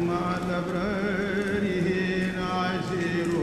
مع الأبرار عسير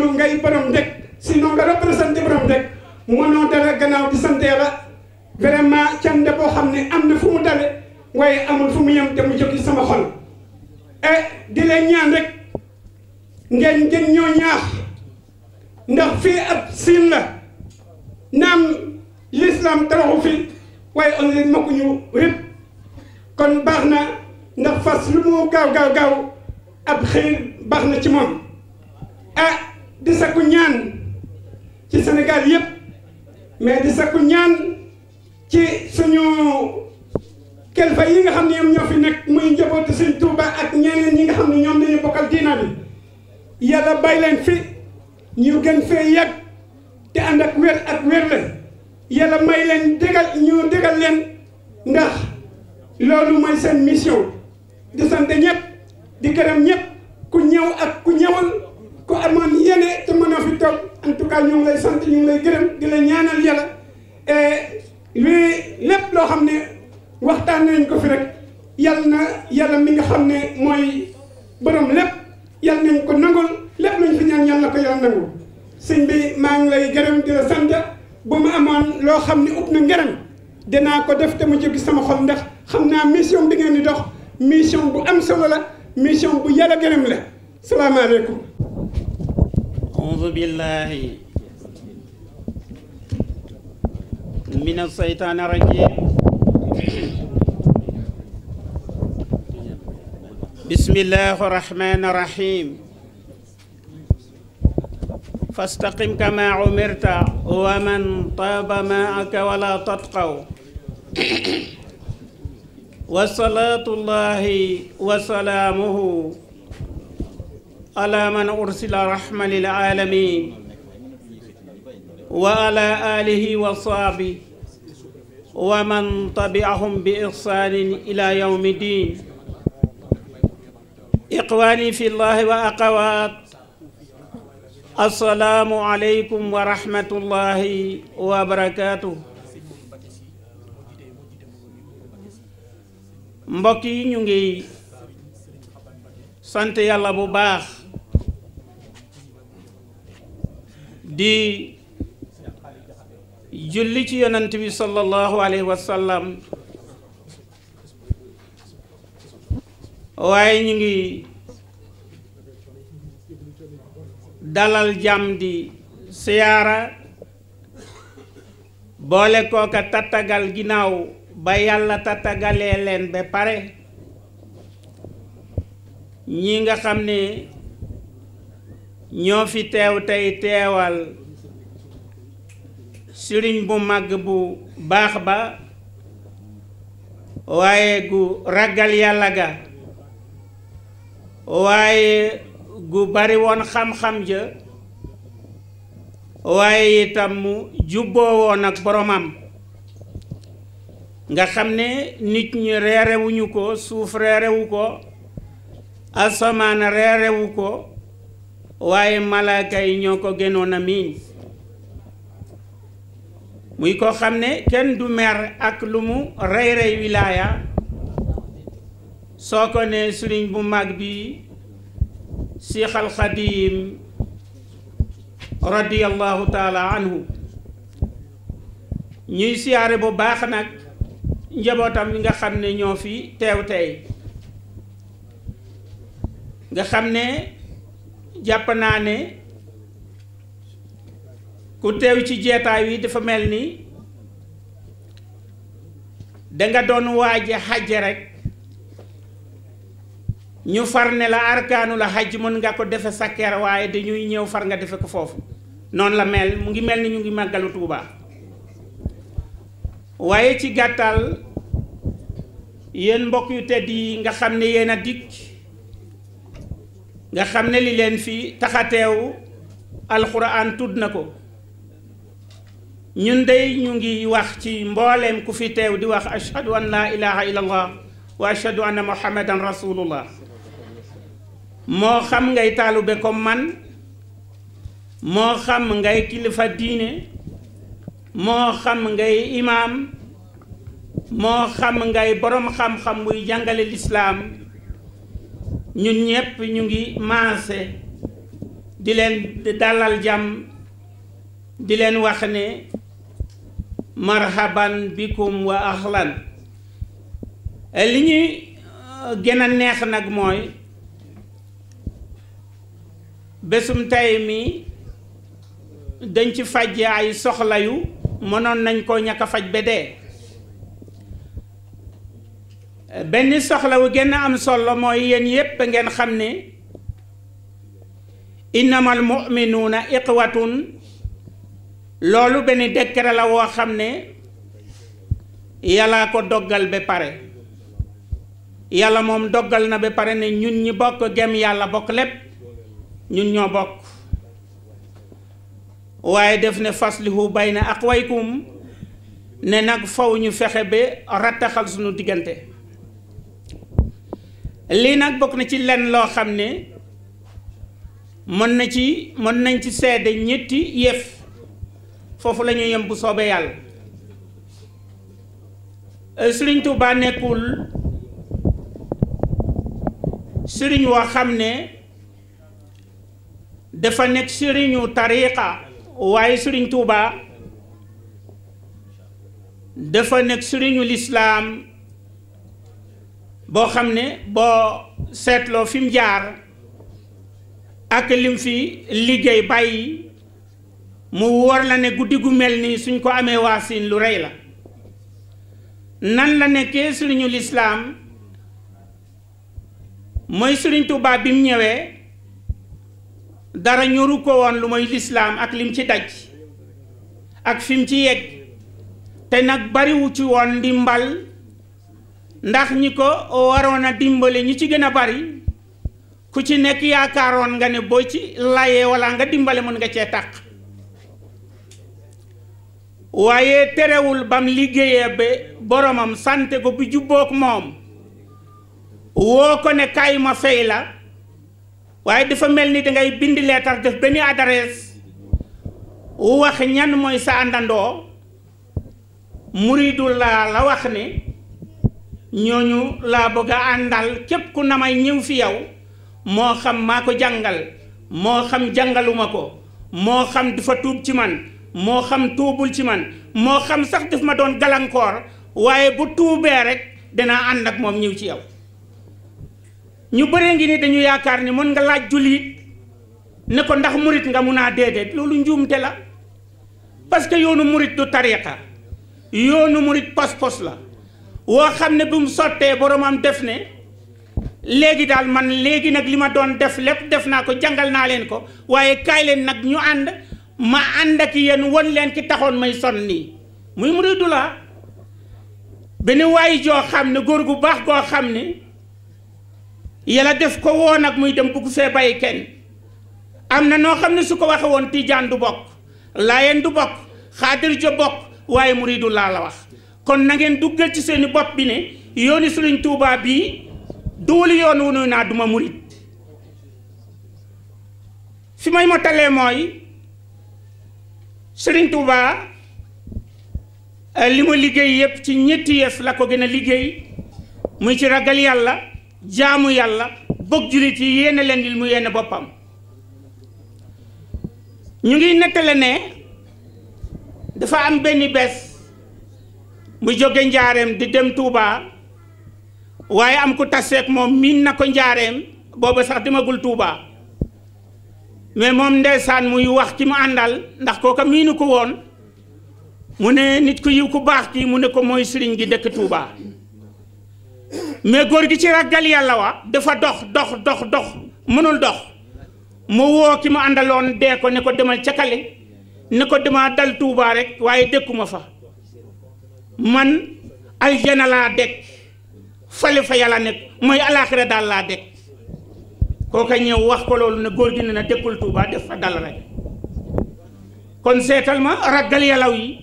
yow ngay a borom ndek mission bu am solo la mission bu yàlla gërëm la salaamaaleykum auzu billahi min asaytaani rajim bismillahi rahmani rahim fastaqim kama umirta wa man taaba maaka wala tatqaw wa salaatullahi wa salaamuhu ala man ursila rahma lil alamin wa ala alihi wa saabi wa man tabiahum bi ihsanin ila yawmi din iqwaani fi llahi wa aqawaat assalaamu aleykum wa rahmatullahi wa barakatuh mbokk yi ñu ngi sant yàlla bu baax di julli ci yonant bi sallallahu alayhi wa sallam waaye ñu ngi dalal jàmm di siyaara boole kooka tattagal ginnaaw ba yàlla tatagalee leen ba pare ñi nga xam ni ñoo fi teew tey teewal sëriñ bu màgg bu baax ba waaye gu ragal yàlla ga waaye gu bari woon xam-xam ja waaye itam mu jubboo woon ak boromam nga xam ne nit ñi reerewuñu ko suuf reerewu ko asamaan reerewu ko waaye malaaka yi ñoo ko gënoon a muy ko xam ne kenn du mer ak lu mu rey rey wilaaya soo ko ne sëriñ bu mag bi Seex al Xadiim radiyallahu anhu ñuy siyaare bu baax nag njabootam yi nga xam ne ñoo fi teew tey nga xam ne jàpp naa ne ku teew ci jeetaay wi dafa mel ni danga doon waaje xaj rek ñu far ne la arkaanu la xaj mën nga ko defe sa waaye dañuy ñëw far nga defe ko foofu noonu la mel mu ngi mel ni ñu ngi màggalu Tuubaa waaye ci gàttal yéen mbokk yu tedd yi nga xam ne yéen dikk nga xam ne li leen fi taxateew alxuraan tudd na ko ñun dey ñu ngi wax ci mbooleem ku fi teew di wax ashhadu an laa ilaha illallah wa ashhadu anna muhammadan rasulullah moo xam ngay taalube comme man moo xam ngay kilifa diine moo xam ngay imaam moo xam ngay boroom xam-xam buy jàngale lislaam ñun ñépp ñu ngi maase di leen dalal jàmm di leen wax ne marhaban bikum wa ahlan li ñuy uh, gën neex nag mooy bésum tay mi dañ ci fajje ay soxla yu mënoon nañ koo ñakka faj ba dee benn soxla wu gën am solo mooy yéen yépp ngeen xam ne innamal muminuuna iqwatun loolu benn décret la woo xam ne yàllaa ko doggal ba pare yàlla moom doggal na bi pare ne ñun ñi bokk gem yàlla bokk lépp ñun ñoo bokk waaye def ne faslihu bayna aqwaykum ne nag faw ñu fexe ba rattaxal sunu diggante lii nag bokk na ci lenn loo xam ne mën ci mën nañ ci sedd ñetti yëf foofu lañu ñuy yem bu soobee yàlla sëriñ Tuubaa nekkul sëriñ woo xam ne dafa nekk sëriñu tariqa waaye sëriñ Tuuba dafa nekk sëriñu lislaam boo xam ne boo seetloo fi mu jaar ak lim fi liggéey bàyyi mu wóor la ne guddi gu mel ni suñ ko amee waasin lu rey la nan la nekkee sëriñu lislaam mooy sëriñ Tuuba bi mu ñëwee dara ñoru ko woon lu mooy lislaam ak lim ci daj ak fim ci yegg te nag bariwu ci woon ndimbal ndax ñi ko waroon a dimbali ñi ci gën a bari ku ci nekk yaakaaroon nga ne boo ci laye walla nga dimbali mën nga cee tàq waaye terewul bam liggéeyee ba boromam sante ko bi jubbook moom woo ko ne kaay ma la waaye dafa mel ni dangay bind leetar def benn adresse wax ñan mooy sa àndandoo muridu laa la wax ne ñooñu laa bëgg a àndal képp ku na may ñëw fi yow moo xam maa ko jàngal moo xam jàngaluma ko moo xam dafa tuub ci man moo xam tuubul ci man moo xam sax daf ma doon gàllankoor waaye bu tuubee rek danaa ànd ak moom ñëw ci yow ñu bëree ngi ni dañu yaakaar ni mën nga laaj jullit ne ko ndax murit nga mun a déedéet loolu njuumte la parce que yoonu murit du tariqa yoonu murit pos-pos la woo xam ne bi mu sottee boromam def ne léegi daal man léegi nag li ma doon def lépp def naa ko jàngal naa leen ko waaye kaay leen nag ñu ànd ma ànd ak yéen won leen ki taxoon may sonn nii muy muridu la benn waay joo xam ne góor gu baax goo xam ne yàlla def ko woon ak muy dem bugg fee bàyyi kenn am na noo xam ne su ko waxe woon tijaan du bokk laayeen du bokk xaadir jo bokk waaye muridu laa la wax kon nangeen ngeen duggal ci seeni bopp bi ne yooni Sëriñ Tuubaa bii duwul yoon wu nuy naa duma murid fi may mottalee mooy Sëriñ Tuubaa li ma liggéey yépp ci ñetti yëf la ko gën a liggéey muy ci ragal yàlla jaamu yàlla bokk jullit yi yéene leen li mu yenn boppam ñu ngi nettale ne dafa am benn bés mu jóge njaareem di dem Touba waaye am ku taseek moom miin na ko njaareem booba sax demagul Touba mais moom ndeysaan muy wax ki mu àndal ndax kooka miinu ko woon mu ne nit ku yiw ku baax ki mu ne ko mooy sëriñ gi dëkk Touba. mais góor gi ci ragal yàlla wa dafa dox dox dox dox mënul dox mu woo ki mu àndaloon dee ko ne ko demal ca ne ko demaa dal tuubaa rek waaye dëkkuma fa man aljana laa dekk fale fa yàlla nekk mooy alaaxira daal laa dekk kooka ñëw wax ko loolu ne góor gi ne na dëkkul tuubaa def fa dal rek kon seetal ma ragal yàllaw yi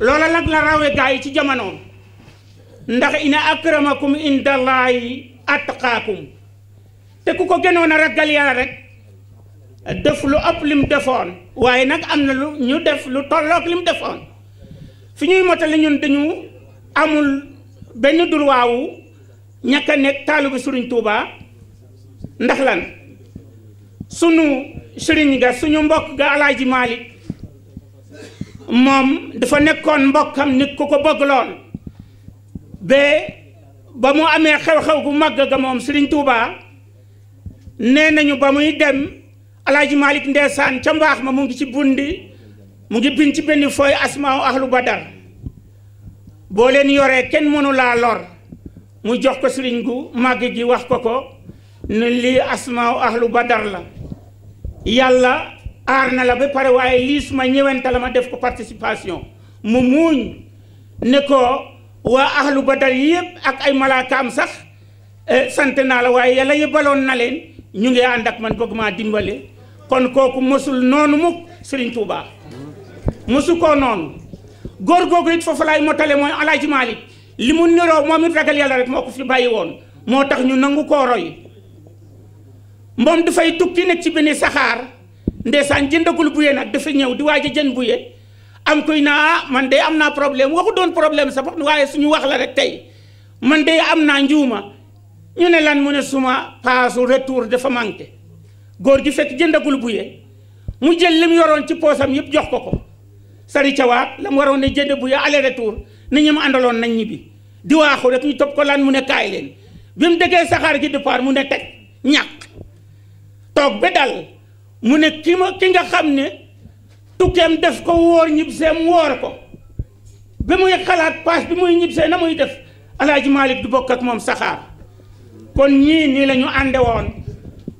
loola nag la rawe gaa yi ci jamonoom ndax ina akramakum indallahi atqaakum te ku ko gënoon a ragal yàlla rek def lu ëpp lim defoon waaye nag am na lu ñu def lu tolloog lim defoon fu ñuy motale ñun dañu amul benn durwaawu ñàkk a nekk taalibu Sëriñ Tuuba ndax lan sunu sëriñ ga suñu mbokk ga Alaaji Maalik moom dafa nekkoon mbokkam nit ku ko bëgg lool ba ba mu amee xew-xew gu màgg ga moom Serigne Touba nee nañu ba muy dem Alaaji malik ndeesaan ca mbaax ma mu ngi ci bundi mu ngi bind ci benn fooy asmaaw ahlu badar boo leen yoree kenn mënu laa lor mu jox ko sëriñ gu màgg gi wax ko ko ne lii asmaaw ahlu badar la yàlla aar na la ba pare waaye lii suma ñëwante la ma def ko participation mu muuñ ne waa ahlu badar yëpp ak ay malaakaam sax eh, sant naa la waaye yàlla yëbaloon na leen ñu ngi ànd ak man bëgg maa dimbale kon kooku mësul noonu mukk Serigne Touba mosu koo noonu góor googu it foofu laay motale mooy Alaaji Maalik li mu niroo moom it ragal yàlla rek moo ko fi bàyyi woon moo tax ñu nangu koo roy moom dafay tukki nekk ci benn saxaar ndeesaan jëndagul buye nag dafa ñëw di waaj a jën buye am kuy naa man de am naa problème waxu doon problème sa bopp waaye suñu wax la rek tey man de am naa njuuma ñu ne lan mu ne suma paasu retour dafa manqué góor gi fekk jëndagul buye mu jël lim yoroon ci poosam yëpp jox ko ko sari cawaat la mu waroon ne jënd buye aller retour nit ñi mu àndaloon nañ ñibbi di waaxu rek ñu topp ko lan mu ne kaay leen bi mu déggee saxaar gi départ mu ne teg ñàkk toog ba dal mu ne ki ma ki nga xam ne tukkeem def ko wóor ñib seem wóor ko bi muy xalaat paas bi muy ñib see na muy def alaaji Malick du bokk ak moom saxaar kon ñii nii lañu àndee woon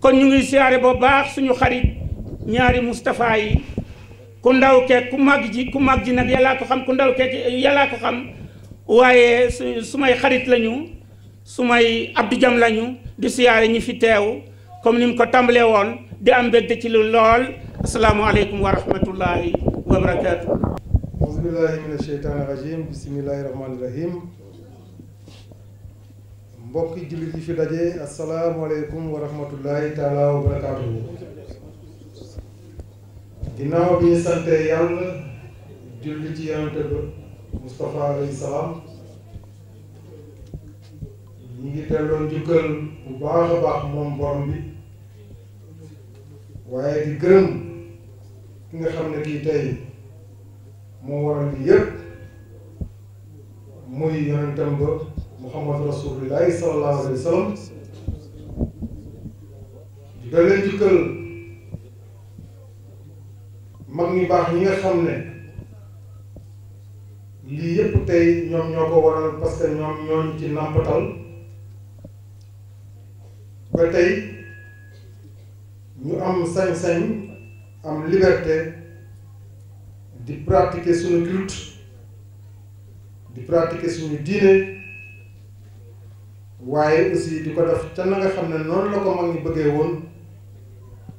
kon ñu ngi siyaare bu baax suñu xarit ñaari Moustapha yi ku ndaw keek ku màgg ji ku màgg ji nag yàllaa ko xam ku ndaw keek yàllaa ko xam waaye su sumay xarit lañu su may Abdou Jam lañu di siyaare ñi fi teew comme ni mu ko tàmbalee woon di am mbégte ci lu lool asalaamualeykum wa rahmatullahi wa barakaatu. bismillahi mina sheytaani mbokki jullit yi fi daje asalaamualeykum wa rahmatullahi taala wa barakaatu. bi sante yàlla julli ci yonante ba Moustapha alayhi salaam ñu ngi telloon jukkal bu baax a baax moom borom bi waaye di gërëm ki nga xam ne kii tey moo waral lii yëpp muy yonentam Muhammad Rasulillahi sallallahu alayhi wa sallam di mag ñi baax ñi nga xam ne lii yëpp tey ñoom ñoo ko waral parce que ñoom ñooñ ci nàmpatal ba tey ñu am sañ-sañ am liberté di pratiquer suñu culte di pratiquer suñu diine waaye aussi di ko def ca nanga xam ne noonu la ko mag ñi bëggee woon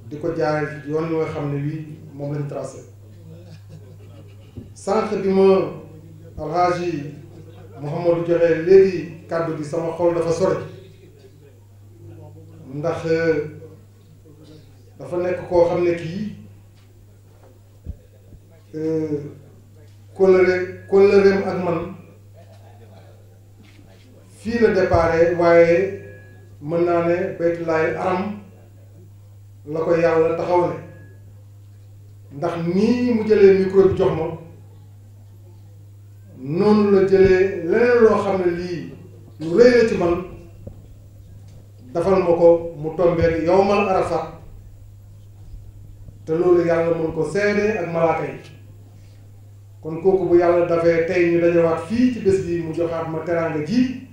di ko jaare yoon nga xam ne wii moom lañ tracé sànq bi ma alxaaji Mouhamadou joxe léegi kàddu bi sama xol dafa sori ndax dafa nekk koo xam ne kii kóllëre euh, kóllëreem ak man fii la déparé waaye mën naa ne baytulaay aram la ko yàlla taxaw ne ndax nii mu jëlee micro bi jox ma noonu la jëlee leneen loo xam ne lii lu rëy ci man dafal ma ko mu tombee yow man arafat te loolu yàlla mën ko seede ak malaaka yi kon kooku bu yàlla dafee tey ñu dajawaat fii ci bés bi mu joxaat ma teraanga ji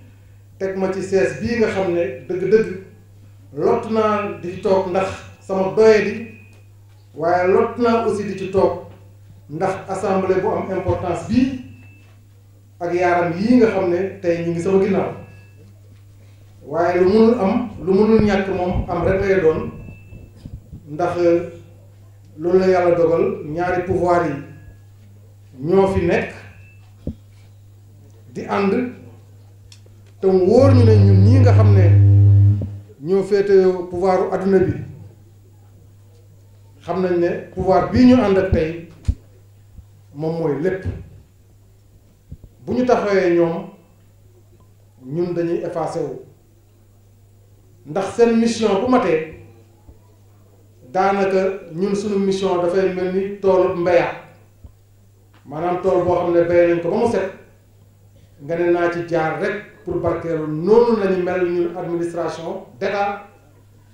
teg ma ci sees bii nga xam ne dëgg-dëgg lott naa di toog ndax sama doye di waaye lott naa aussi di ci toog ndax assemblée bu am importance bii ak yaaram yii nga xam ne tey ñu ngi sama ginnaaw waaye lu mënul am lu mënul ñàkk moom am rek doon ndax loolu la yàlla dogal ñaari pouvoir yi ñoo fi nekk di ànd te wóor ñu ne ñun ñi nga xam ne ñoo féete pouvoiru adduna bi xam nañ ne pouvoir bii ñu ànd ak tey moom mooy lépp bu ñu taxawee ñoom ñun dañuy effacé wu ndax seen mission bu matee daanaka ñun sunu mission dafay mel ni toolu mbeya maanaam tool boo xam ne bay nañ ko ba mu set nga ne naa ci jaar rek pour barkeelu noonu lañu mel ñun administration d'État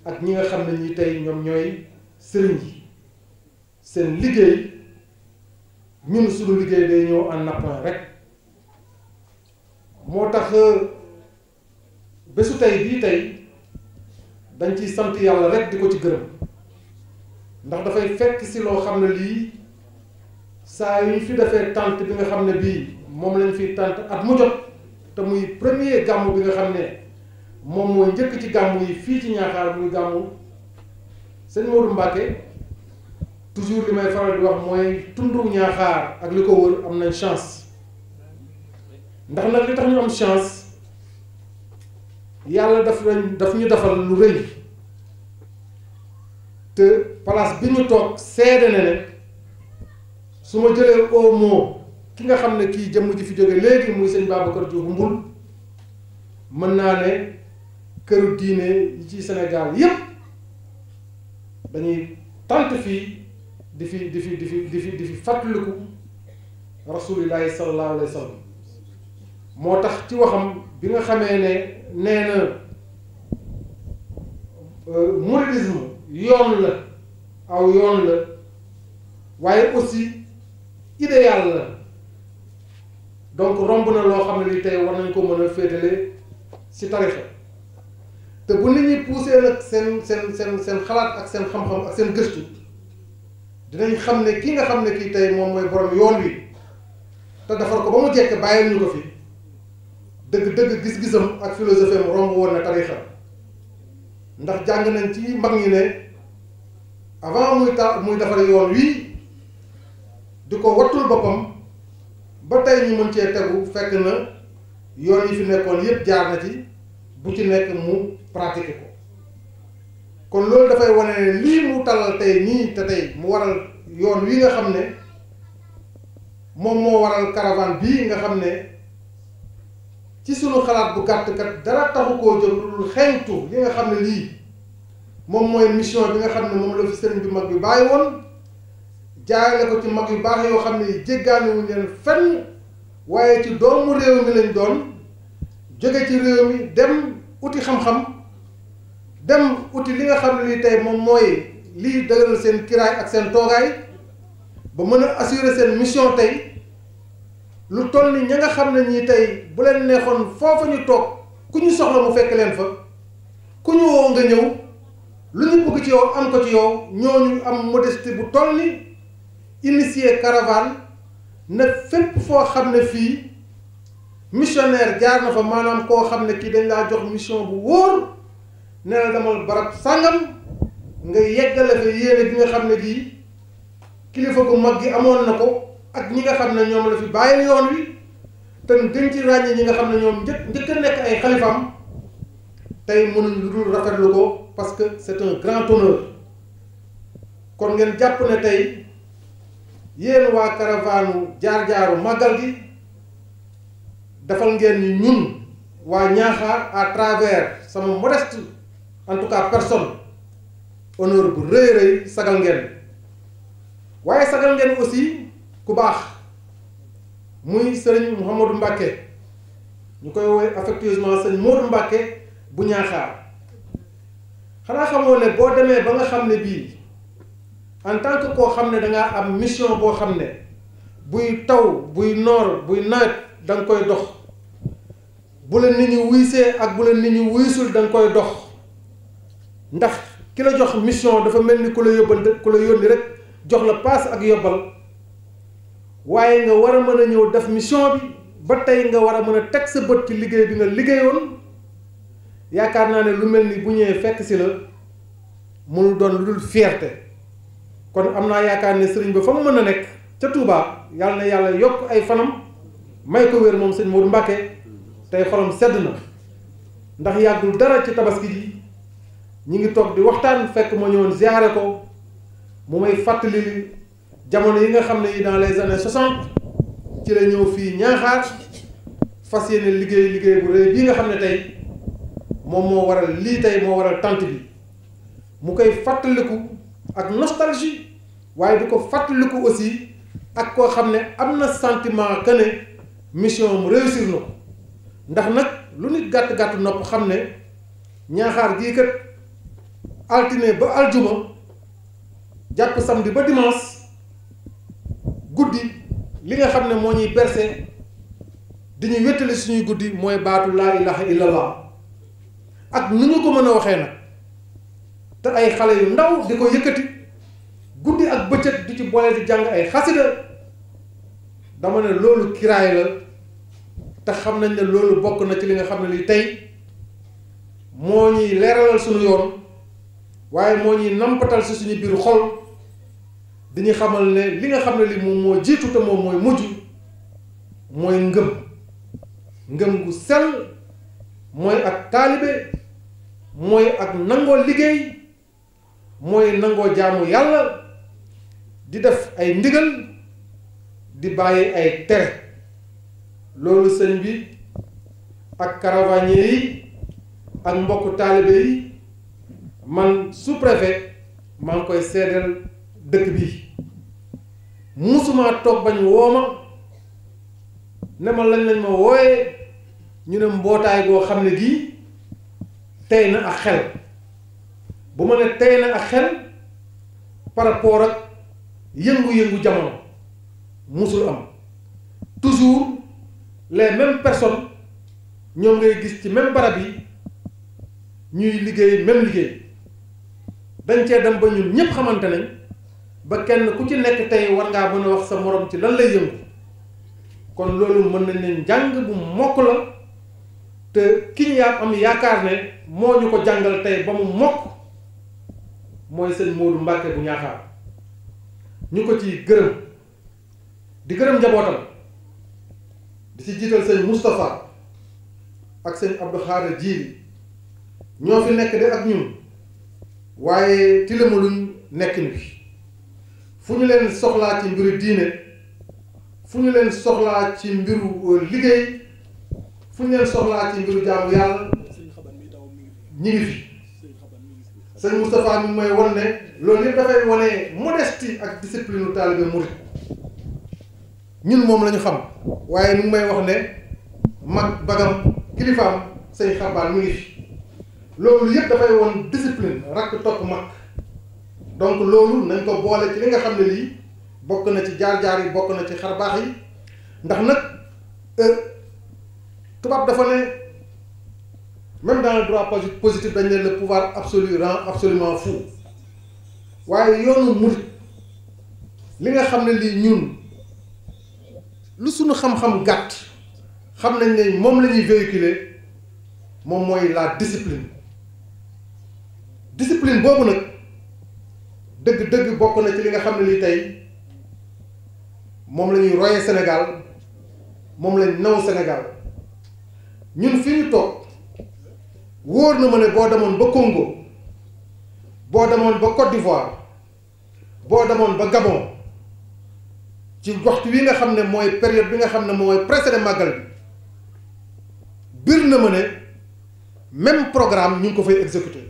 ak ñi nga xam ne ñi tey ñoom ñooy sëriñ yi seen liggéey ñun sunu liggéey day ñëw en appoint rek moo tax euh, bésu tey bii tey dañ ciy sant yàlla rek di ko ci gërëm ndax dafay fekk si loo xam ne lii saa yu fi defee tànt bi nga xam ne bii moom lañu fi tànt at mu jot te muy premier gàmmu bi nga xam ne moom mooy njëkk ci gàmmu yi fii ci Ñaaxaar muy gàmmu sëñ Modou Mbacké toujours li may faral di wax mooy tundu Ñaaxaar ak li ko wër am na chance ndax nag li tax ñu am chance yàlla daf lañ daf ñu defal lu rëy te place bi ñu toog seede na ne su ma jëlee au mot ki nga xam ne kii jëmm ji fi jóge léegi muy sëñ Babacar Diouf Mbul mën naa ne këru diine yi ci Sénégal yépp dañuy tant fii di fi di fi di fi di fi di fi fàttaliku rasulillahi sallallahu alayhi wa moo tax ci waxam bi nga xamee ne nee na euh, mouridisme yoon la aw yoon la waaye aussi idéal la donc romb na loo xam ne ni tey war nañ ko mën a féetale si tarixa te bu nit ñi poussé nag seen seen seen seen xalaat ak seen xam-xam ak seen gëstu dinañ xam ne ki nga xam ne kii tey moom mooy borom yoon wi te defar ko ba mu jekk bàyyil ñu ko fi dëgg-dëgg gis-gisam ak philosophie am romb woon na tarixa ndax jàng nañ ci mag ñi ne avant muy ta muy defar yoon wi di ko wattul boppam ba tey ñu mën cee tegu fekk na yoon yi fi nekkoon yépp jaar na ci bu ci nekk mu pratiqué ko kon loolu dafay wane ne lii mu talal tey nii te tey mu waral yoon wi nga xam ne moom moo waral caravane bii nga xam ne ci sunu xalaat bu gàtt kat dara taxu koo jóg lu xeeñtu li nga xam ne lii moom mooy mission bi nga xam ne moom la fi sëriñ bi mag bi bàyyi woon jaarale ko ci mag yu baax yoo xam ne jéggaaniwuñ leen fenn waaye ci doomu réew mi lañ doon jóge ci réew mi dem uti xam-xam dem uti li nga xam ne li tey moom mooy liy dëgëral seen kiraay ak seen toogaay ba mën a assurer seen mission tey lu toll ni ña nga xam ne ñi tey bu leen neexoon foofa ñu toog ku ñu soxla mu fekk leen fa ku ñu woo nga ñëw lu ñu bëgg ci yow am ko ci yow ñooñu am modestie bu toll ni initier caravane na fépp foo xam ne fii missionnaire jaar na fa maanaam koo xam ne kii dañ laa jox mission bu wóor ne la demal barab sàngam nga yeggale fa yéene bi nga xam ne gii kilifa gu mag gi amoon na ko ak ñi nga xam ne ñoom la fi bàyyil yoon wi te gën ci ñi nga xam ne ñoom njëkk njëkk nekk ay xalifam tey mënuñ lu dul rafetlu ko parce que c'est un grand honneur kon ngeen jàpp ne tey yéen waa karavaanu jaar-jaaru màggal gi defal ngeen ni ñun waa Ñaaxaar à travers sama modeste en tout cas personne honneur bu rëy rëy sagal ngeen waaye sagal ngeen aussi ku baax muy sëriñ Mouhamadou Mbacke ñu koy woowee affectueusement sëriñ Modou Mbacke bu Ñaaxaar xanaa xamoo ne boo demee ba nga xam ne bii. en tant que koo xam ne dangaa am mission boo xam ne buy taw buy noor buy nawet da koy dox bu la nit ñi wuysee ak bu la nit ñi wuysul da koy dox ndax ki la jox mission dafa mel ni ku la yóbbal ku la yónni rek jox la paas ak yóbbal waaye nga war a mën a ñëw def mission bi ba tey nga war a mën a teg sa bët ci liggéey bi nga liggéeyoon yaakaar naa ne lu mel ni bu ñëwee fekk si la mënul doon lu dul fierté kon am naa yaakaar ne sëriñ bi fa mu mën a nekk ca Touba yàlla na yàlla yokk ay fanam may ko wér moom sëñ Modou Mbacke tey xolam sedd na ndax yàggul dara ci tabaski ji ñi ngi toog di waxtaan fekk ma ñëwoon ziare ko mu may jamono yi nga xam ne yi dans les années ci la ñëw fii ñaaxaar fas yéene liggéey liggéey bu bii nga xam ne tey moom moo war a lii tey moo war a tant bi mu koy fàttaliku ak nostalgie waaye di ko fàttaliku aussi ak koo xam ne am na santiment que ne mission am réussir na ndax nag lu nit gàtt gàtt nopp xam ne ñaaxaar gii kat altine ba aljuma jàpp samedi ba dimanche guddi li nga xam ne moo ñuy berse di ñu wéttali suñuy guddi mooy baatu laa ilaha illallah ak nu ñu ko mën a waxee na te ay xale yu ndaw di ko yëkkati. guddi ak bëccëg du ci boole di jàng ay xasida dama ne loolu kiraay la te xam nañ ne loolu bokk na ci li nga xam ne li tey moo ñuy leeralal suñu yoon waaye moo ñuy nampatal si suñu biir xol diñu xamal ne li nga xam ne li moom moo jiitu te moom mooy mujj mooy ngëm ngëm gu sell mooy ak taalibe mooy ak nangoo liggéey mooy nangoo jaamu yàlla di def ay ndigal di bàyyi ay ter loolu sëñ bi ak caravanier yi ak mbokk taalibe yi man sous-préfet maa koy seedeel dëkk bi musuma toog bañ wooma ne ma lañ lañ ma wooyee ñu ne mbootaay goo xam ne gii tey na ak xel bu ma ne tey na ak xel par ak yëngu-yëngu jamono musul am toujours les mêmes personnes ñoom ngay gis ci même barab yi ñuy liggéey même liggéey dañ cee dem ba ñun ñëpp xamante nañ ba kenn ku ci nekk tey war ngaa mën wax sa morom ci lan lay yëngu kon loolu mën nañ ne njàng bu mokk la te ki yaa am yaakaar ne moo ñu ko jàngal tey ba mu mokk mooy seen Modou Mbacke bu ñaaxaar ñu ko ci gërëm di gërëm njabootam di ci jiital sëñ Moustapha ak sëñ Abdou Xaara Jiili ñoo fi nekk de ak ñun waaye tilimaluñ nekkin bi fu ñu leen soxlaa ci mbiru diine fu ñu leen soxlaa ci mbiru euh, liggéey fu ñu leen soxlaa ci mbiru jaamu yàlla ñi ngi fi sëñ Moustapha mi mooy wan ne loolu yëpp dafay wane modestie ak discipline taalibe murit ñun moom la ñu xam waaye mi may wax ne mag bagam kilifaam say xabaan mi ngi fi loolu yëpp dafay woon discipline rakk topp mag donc loolu nañ ko boole ci li nga xam ne lii bokk na ci jaar-jaar yi bokk na ci xarbaax yi ndax nag euh, tubaab dafa ne même dans le droit positif dañ ne le pouvoir absolu rend absolument fou waaye yoonu murit li nga xam ne lii ñun lu suñu xam-xam gàtt xam nañ ne moom lañuy ñuy moom mooy la discipline discipline boobu nag dëgg-dëgg bokk na ci li nga xam ne lii tey moom la ñuy royee Sénégal moom lañ naw Sénégal ñun fi ñu toog. wóor na ma ne boo demoon ba Congo boo demoon ba Côte d'Ivoire boo demoon ba Gabon ci waxtu wi nga xam ne mooy période bi nga xam ne mooy précédé màggal bi bir na ma ne même programme ñu ngi ko fay exécuter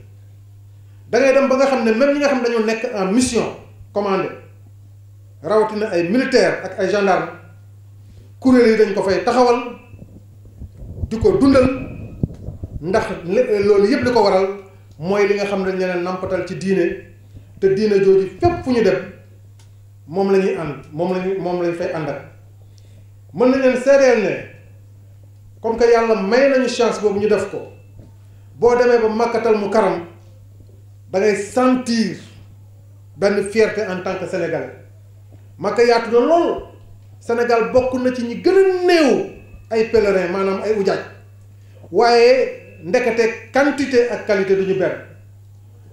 da dem ba nga xam ne même ñi nga xam ne dañoo nekk en mission commandée rawatina ay militaire ak ay gendarme kuréel yi dañ ko fay taxawal di ko dundal. ndax eh, loolu yëpp li ko waral mooy li nga xam ne dañ leen ci diine te diine jooju fépp fu ñu dem moom la ñuy ànd moom la moom la ñu fay ànd ak mën na leen seedeel ne comme que yàlla may nañu chance boobu ñu def ko boo demee ba màkkatal mu karam da ngay sentir benn fierté en tant que sénégalais makka yaatu na lool Sénégal bokk na ci ñi gën a néew ay pèlerins maanaam ay ujaaj waaye. ndekete quantité ak qualité duñu benn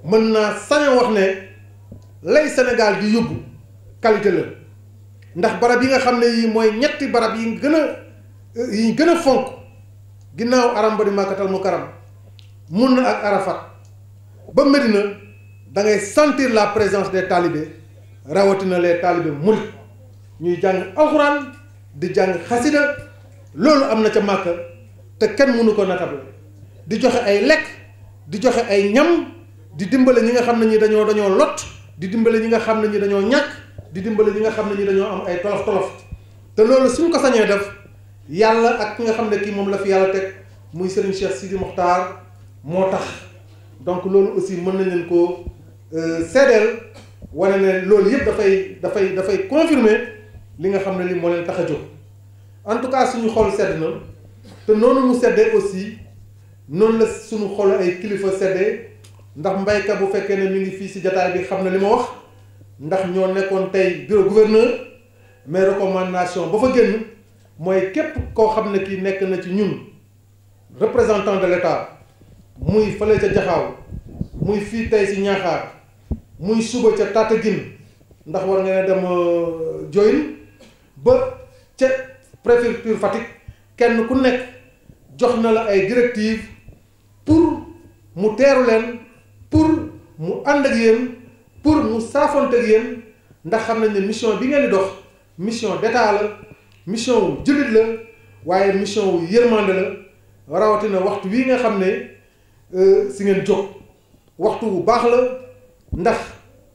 mën naa saña wax ne lay Sénégal di yóbbu qualité la ndax barab yi nga xam ne yii mooy ñetti barab yi gën a yi gën a fonk ginnaaw aram ba di màkkatal mu karam mun na ak arafat ba Medina da ngay sentir la présence des talibés rawatina les talibés murit ñuy jàng alxuraan di jàng xasida loolu am na ca màkk te kenn mënu ko natable di joxe ay lekk di joxe ay ñam di dimbale ñi nga xam ne ñi dañoo dañoo lot di dimbale ñi nga xam ne ñi dañoo ñàkk di dimbale ñi nga xam ne ñi dañoo am ay tolof tolof te loolu suñ ko sañee def yàlla ak ki nga xam ne kii moom la fi yàlla teg muy Serigne Cheikh Sidi Mokhtar moo tax donc loolu aussi mën nañ leen koo euh, seedeel wane ne loolu yëpp dafay dafay dafay confirmer li nga xam ne li moo leen tax a jóg en tout cas suñu xol sedd na te noonu mu seddee aussi. noonu la suñu xol ay kilifa seddee ndax mbayka bu fekkee ne mi ngi fii si jataay bi xam na li ma wax ndax ñoo nekkoon tey bureau gouverneur mais recommandation ba fa génn mooy képp koo xam ne kii nekk na ci ñun représentant de l'État muy fële ca jaxaaw muy fii tey si ñaaxaar muy suba ca Tataguine ndax war nga ne dem joyin euh, ba ca préfecture Fatick kenn ku nekk jox na la ay directives mu teeru leen pour mu ànd ak yéen pour mu saafante ak yéen ndax xam nañ ne mission bi ngeen di dox mission d'état la mission wu jullit la waaye mission wu yërmande la rawatina waxtu wi nga xam ne euh, si ngeen jóg waxtu wu baax la ndax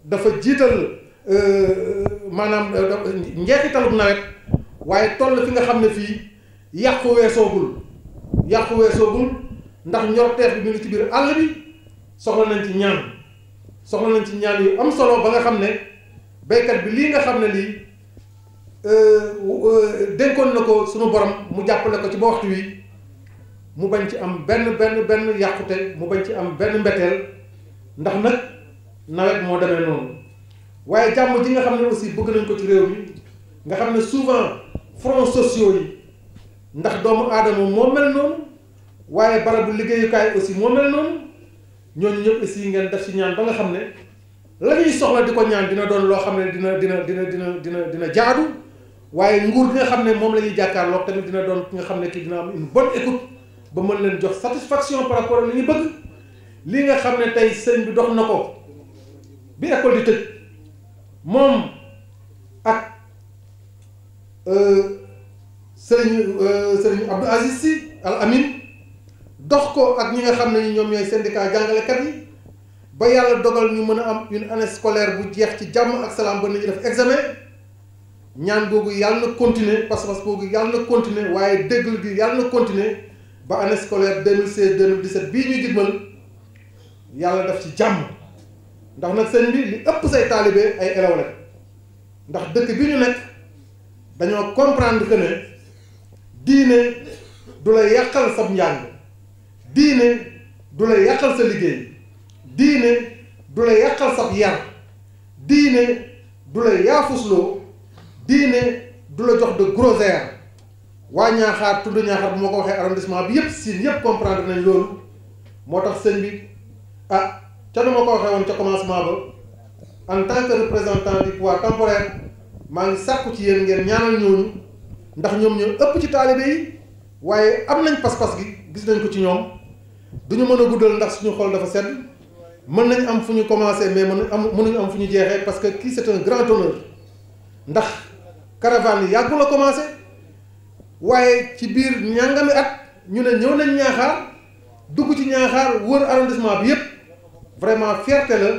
dafa jiital euh, maanaam euh, njeexitalub nawet waaye toll fi nga xam ne fii yàqu weesoogul yàqu weesoogul ndax ñorteef bi mu ngi ci biir àll bi soxla nañ ci ñaan soxla nañ ci ñaan yu am solo ba nga xam ne baykat bi lii nga xam ne lii euh, euh, dénkoon na ko suñu borom mu jàppale ko ci ba waxtu wi mu bañ ci am benn benn benn yàqute mu bañ ci am benn mbetteel ndax nag nawet moo demee noonu waaye jàmm ji nga xam ne aussi bëgg nañ ko ci réew mi nga xam ne souvent front sociaux yi ndax doomu aadama moo mel noonu waaye barabu liggéeyukaay aussi moom moo mel noonu ñooñu ñëpp aussi ngeen def ci ñaan ba nga xam ne la ñuy soxla di ko ñaan dina doon loo xam ne dina dina dina dina dina dina jaadu waaye nguur gi nga xam ne moom la ñuy jàkkaarloo tamit dina doon ki nga xam ne kii dina am une bonne écoute ba mën leen jox satisfaction par rapport ak ñu bëgg li nga xam ne tey sëñ bi dox na ko bi école di tëj moom ak euh, sëriñ euh, sëriñ Abdou Aziz Sy Al Amin dox ko ak ñi nga xam ne ni ñoom ñooy syndicat jàngalekat yi ba yàlla dogal ñu mën a am une année scolaire bu jeex ci jàmm ak salaam ba nañu def examen ñaan googu yàlla na continuer pas-pas googu yàlla na continuer waaye déglu gi yàlla na continuer ba année scolaire 2016 2017 bii ñuy digmal yàlla def ci jàmm ndax nag seen bi li ëpp say taalibe ay élèves ndax dëkk bi ñu nekk dañoo comprendre que ne diine du la yàqal sab njàng diine du la yàqal sa liggéey diine du la yàqal sab yar diine du la yaafusloo diine du la jox de gros air waa ñaaxaar tudd ñaaxaar bu ma ko waxee arrondissement bi yëpp siin yëpp comprendre nañ loolu moo tax sëñ bi ah ca nu ma ko waxee woon ca commencement ba en tant que représentant du pouvoir temporaire maa ngi sàkku ci yéen ngeen ñaanal ñooñu ndax ñoom ñoo ëpp ci taalibe yi waaye am nañ pas-pas gi gis nañ ko ci ñoom duñu mën a guddal ndax suñu xol dafa sedd mën nañ am fu ñu commencé mais mën am mënuñu am fu ñu jeexee parce que kii c'est un grand honneur ndax caravane yi yàggu la commencé waaye ci biir ñàngami at ñu ne ñëw nañ ñaaxaar dugg ci ñaaxaar wër arrondissement bi yépp vraiment fierté la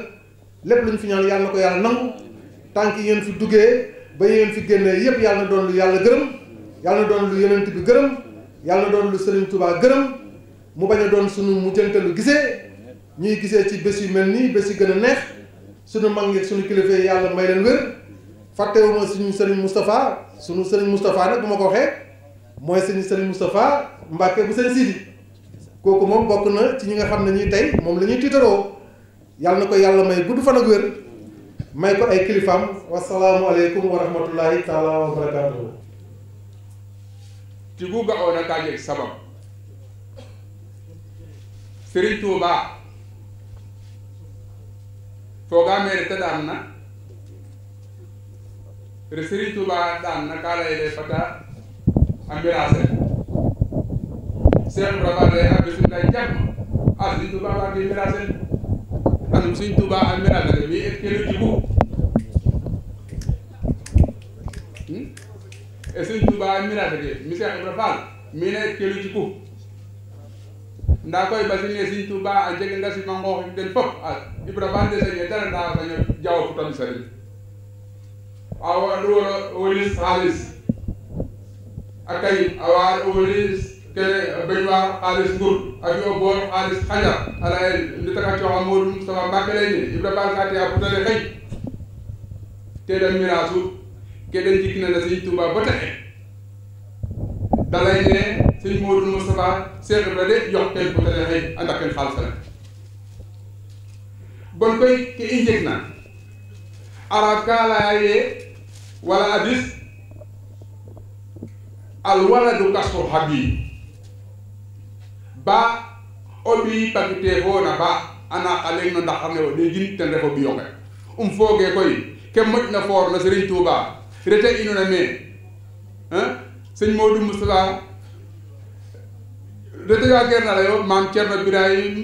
lépp lu ñu fi ñaan yàlla na ko yàlla nangu tànk yéen fi duggee ba yéen fi génnee yépp yàlla na doon lu yàlla gërëm yàlla na doon lu yenent bi gërëm yàlla na doon lu Serigne Touba mu bañ a doon suñu mujjantalu gisee ñuy gisee ci bés yu mel nii bés yu gën a neex suñu mag ngeeg suñu kilifa yàlla may leen wér fàttewuma suñu sëriñ Moustapha sunu sëriñ Moustapha nag bu ma ko waxee mooy suñu sëriñ Moustapha Mbàkke bu seen Sidi kooku moom bokk na ci ñi nga xam ne ñuy tey moom la ñuy tiitaroo yàlla na ko yàlla may gudd fan ak wér may ko ay kilifaam wasalaamualeykum wa rahmatullahi taala wa barakaatuhu ci gu gaawoon a kaajeg sabab sëriñ tuubaa foogaameere te daan na re sëriñ tuubaa daan na kaa layele fata a mbiraase seex rabale a bisu lay jàmm a sëriñ tuubaa waa hmm? ngi mbiraase anum sëriñ tuubaa a mbiraase de mi et kelu jibu e sëriñ tuubaa a mbiraase de mi seex ibra faal mi na et kelu jibu nda koy basine sin Touba a jega ngasima ngooxin den fop a ibra ba ndesañe dara nda saño jawa futami sarin a wolis xaalis a kayit a waar wolis kene bañwaar xaalis ngur a fi o boor xaalis xajar a laye ndetaka cooxa Modou Moustapha Mbacke lay ne ibra ba ka te a futale xëy te da mira suuf ke da njik na na sin Touba ba dalay ne sëñ Modou Moustapha Cheikh Ibra de jox kenn ku tere xëy ànd ak kenn xaalis rek bon koy ke i na arab ka leya ye wala hadis al waladu kastu habi ba o mbi pakite foona ba a naqa leŋ no ndaxar ne o ɗegin ten refo ɓiyo nge um fooge koy ke moƴna foor no Serigne Touba rete inuna me sëñ Modou Moustapha retega ger na la yo maam Thierno Birahim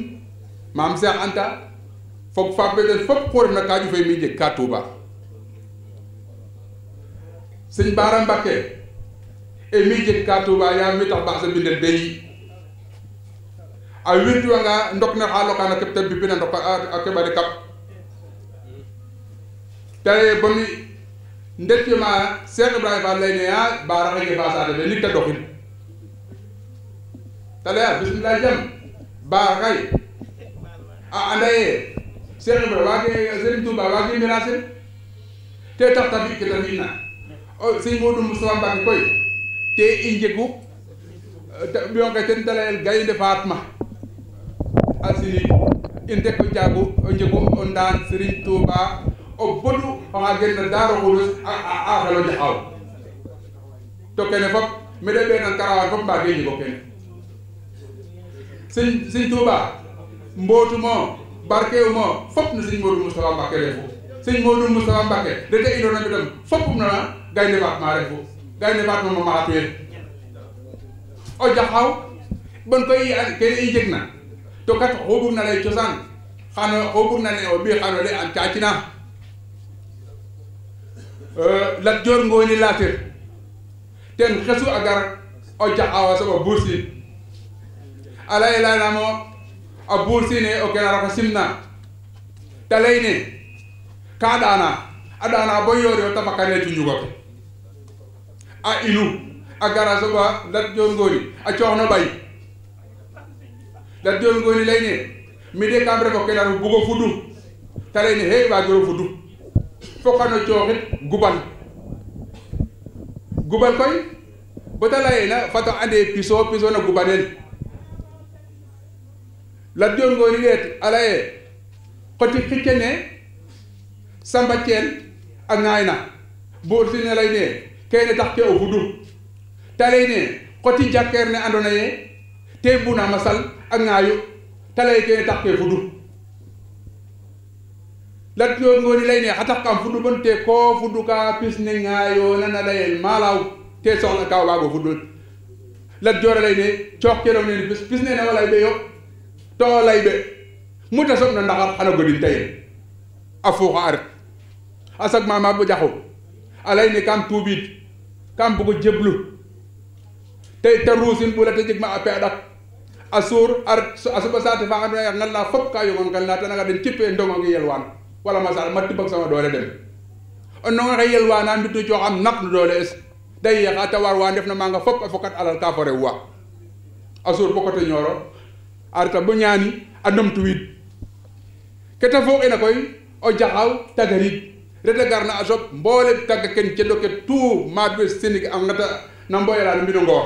maam Cheikh Anta foog fappeten fop ko ref na kaaju fe mi jeg ka Touba sëñ Bara Mbacké e mi jeg ka Touba tax baax sa bindel deyi a wirtuwanga ndok ne xa lokana kep te bipina ndok a keɓale kap te ba mi ndekki ma Cheikh Ibrahima lay ne ah baara rek basaate ba nit te doxin te leer bisimilah jam baara kay a ah, andaye Cheikh Ibrahima waa kii Serigne Touba waa kii menacé te tax tamit ki tamit na o oh, sëñ Modou Moustapha Mbacke koy te i njegu ɓiyonge ten te layel gaynde Fatma asini i ndek o jaagu o njegu o ndaan Serigne Touba o boɗu oxa genna daro xurus jaxaw to kene fop mede ɓeenan karawan fop mbaage ñigo kene sëñ sëñ Tuuba mbootu moo barkew moo fop no sëñ Moodu Moustapha Mbacké refu sëñ Moodu Moustapha Mbacké rete indoona mbitam fopum nana gaynde faat ma na lay cosaan xano oxu na ne o ɓiy xano lay an caacina Euh, Lat Joor ngooni laatir ten xesu agar o jaxawa soɓa bursin ala e layanamo a bursine o kenara ko simna ta leyne ka ɗana a ɗana bo yoori o tabakane cuñugoke a inu a gara soɓa Lat Joor ngooni a cooxno ɓay Lat Joor ngooni leyne mi de kam ref o kenaro bugo fudu ta leyne he wagiro fudu fokkano cooxit guban guban koy bata layeena fato ande piso piso na gubanel Lat Joor Ngooni ɗeet a laye xoti xicce ne Samba Ceen a ŋaayna bo ne lay ne kene tax ke o fudu ta lay ne xoti jakkeer ne andoona yee te buna masal a ŋaayu ta lay kene tax ke fudu lat yo ngoni layne hatax kam fuɗɗu ɓon te ko fuɗɗu ka pisne ga yo nana layel malaw te sohna ka wago fuɗɗude lat jora layne cokkelo nene pis pisne na walay ɓe yo to layɓe muta soɓno ndaxar xana godin tayen a fuuxa a kam tuubid kam bugo jeblu te te ruusin ɓula te jegma a pe a ɗak a suur a ret a soɓa saate fa ando ngal na fop ka yongon ngal na tanaga den kippe ndongo ngi yelwaan wala ma saal ma tibbag sama doole dem no nga xëy yelwaa naa mbittu coo xam nu doole es day yeex a tawaar waa ndef na maa nga fop a fokat alal kaa fo rew waa a suur bo côté a reta bo ñaani a numtuwiid ke ta ina koy o jaxaw tagariid reta garna a soɓ mboole tagga ken cendo ke tout maad we Sénégal a ngata na mboyalaano mbino ngoor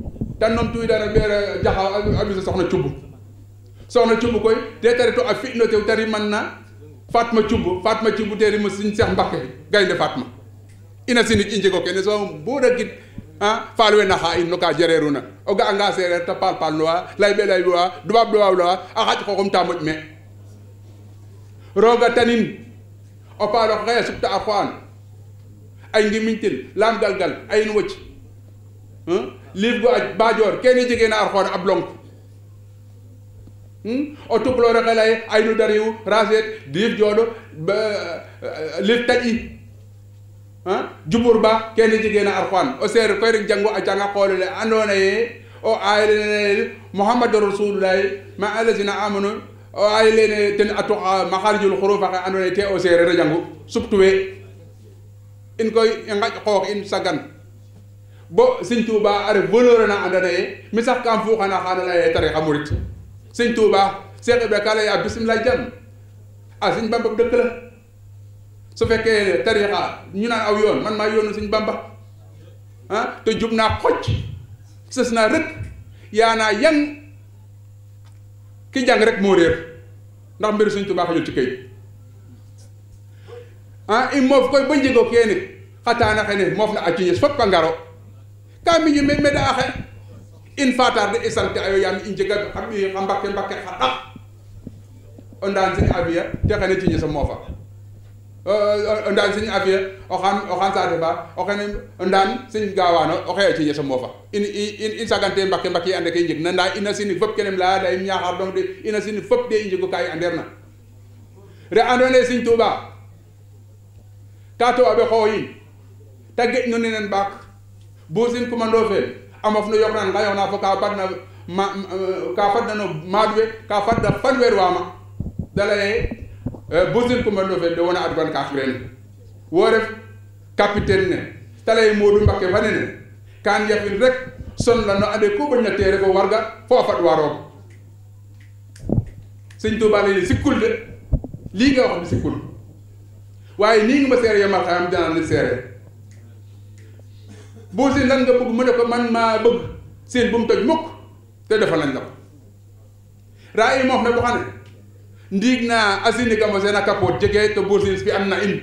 a tuwidana ɓeera jaha almisa sohna cubbo sohna cubbo koye te tari to a fiɗno tew tari manna fatma cubbo fatma cubbo terima sin seh mbakke gaynde fatma ina sinig i njego kene so mbuɗa git ah, faal we naxa in no ka jereeruna o ga'anga seereer te paal paal lowa lay ɓe lay lowa dubaab dubaab lowa a xaƴ xooxum ta moƴ me rooga tanin o paaloxe xey a supta a xoaan ay ngimiñ tin laam galgal ayin wëc liif gu aj baajoor kenn jege na arxoon ab lonk hmm? o tukuloore xelay ay nu dariwu raseet liif joodo euh, liif taj i jubur ba kenn jege na arxoon o seer koy rek jango a canga xoolole andoona ye o aay lene muhammadu rasulullahi ma alazina amanu o aay lene ten a tuqa maxaarijul xurufa xe andoona ye te o seereer a jangu suptuwe in koy i xoox in sagan bo sëñ Touba are bonore na andona ye mi sax kam fuuxana xanana ye tarixa murit sëñ Touba Cheikh Ibra ka lay a bismillah jàmm ah sëñ Bamba dëkk la su fekkee tarixa ñu naan aw yoon man maa yoonu sëñ Bamba ah, te jub naa xocc sës naa rëkk yaa naa yang ki jàng rek moo réer ndax mbiru sëñ Touba xajul ci këy ah, i moof koy ba njëgoo kee nit xataa moof na acci ñes fop ka ngaro kaami ñume meɗa axe in fatarde e salte ayo yaam i njega xa ɓiy xa mbake mbake o ndaan señ avier te xene tiñe sa moofa o ndaan señ avier oxan oxan saate fa o xene o ndaan señ gaawano oxe a tiñe sa moofa in in sagante mbake mbake ande ke i na ndaa ina sinig fop kenem leya da im ñaxaar donc de ina sinig fop de i njego ka i anderna re ando naye señ tuuba ka to aɓe xooyin te geƴ nu nenen ɓaak bo sen commando fe a mof no yoq nan nga yoq na fo ka fadna ma ka fadna no maad we ka fadna fanweer waama da laye eh, bo sen commando fe de wona adwan kaaf ren wo capitaine ne ta laye Modou Mbacke fa nene kan yafin rek son la no ande ko bañna teere fo warga fo a fad wa roog sëñ Touba de lii nga wax bi sikkul waaye nii nga ma seere yamal xayam janaan ni seere boo seen lan nga bëgg mu ne ko man maa bëgg seen bu mu toj mukk te defal nañ la ko raa i moof na boo xam ne ndiig naa asini kama seen a kapoot jege te buur siin fi am na in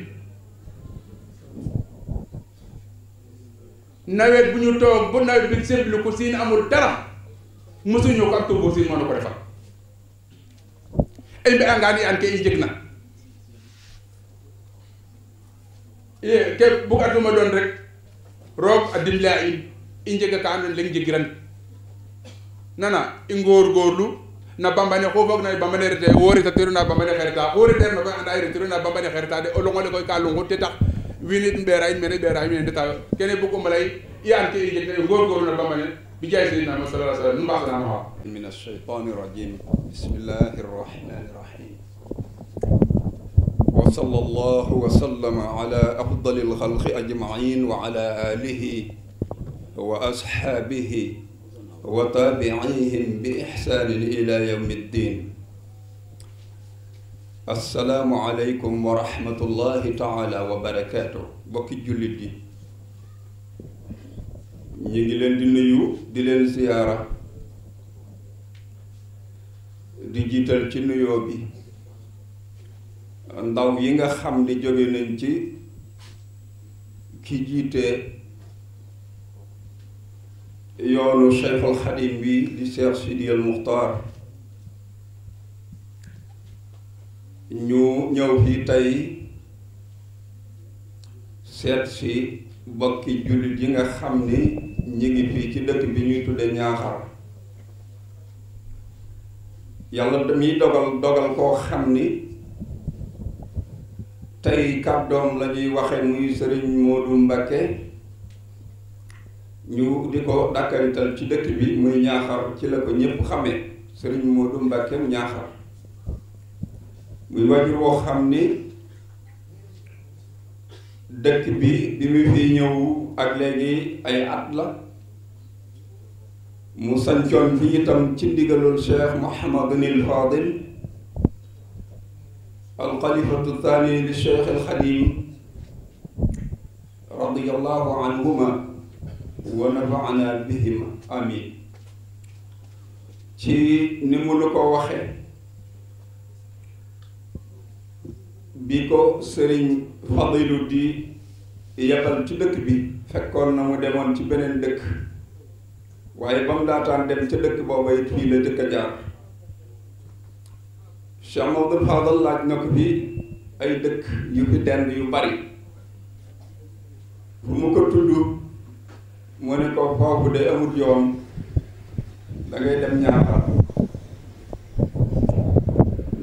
nawet bu ñu toog bu nawet bi seetlu ko siin amul dara mësuñu ko ak tuubu siin moo na ko defal ay mbi angaan yi an ke i jëkk na ke bugg atuma doon rek roog a a in i njega kaa andoona yee leŋ njegiran nana i ngoorgoorlu na bambane xu foogna bambane rete wo retateeru na bambane xereta xu reteerna koy anda ye reteeru na bambane xereta de o longole ka lungu te tax wiin we mbeera in mene mbeera in mene ndetayo kene buguma lay i an ke i njegna i ngoorgoorlu na bambane bi jaay seydina Muhammad sallallahu alayhi wa sallam nu mbaasanaanoxa min alcheytan irajim bismillahi arrahmani irrahim وصلى الله وسلم على أفضل الخلق أجمعين وعلى آله وأصحابه وتابعيهم بإحسان إلى يوم الدين asalaamu aleykum wa rahmatullahi taala wa barakaatu bokki jullit yi ñu ngi leen di nuyu di leen siyaara di jiital ci nuyoo bi ndaw yi nga xam ni jóge nañ ci ki jiite yoonu Cheikhul Xadim bi di Cheikh Sidi al Muxtaar ñu ñëw fii tey seet si bokki jullit yi nga xam ni ñi ngi fii ci dëkk bi ñuy tudde Ñaaxar yàlla miy dogal dogal koo xam ni tey kàddoom la ñuy waxe muy sëriñ Modou Mbacké ñu di ko dàkkantal ci dëkk bi muy ñaaxar ci la ko ñépp xamee sëriñ Modou Mbacké mu ñaaxar muy wajur woo xam ni dëkk bi bi mu fi ñëw ak léegi ay at la mu sancoon fi itam ci ndigalul Cheikh Mouhamadou Nil alxalifatu thani li cheikh alxadim radiallahu anhuma wa nafaana bihima amin ci ni mu nu ko waxe bi ko sëriñ fadilu di yebal ci lëkk bi fekkoon na mu demoon ci beneen dëkk waaye ba mu daataan dem ca dëkk booba it fii la dëkk jaar Cheikh Mamadou Fadal laaj na ko fii ay dëkk yu fi dend yu bari bu mu ko tudd mu ne ko foofu de amut yoon da ngay dem ñaata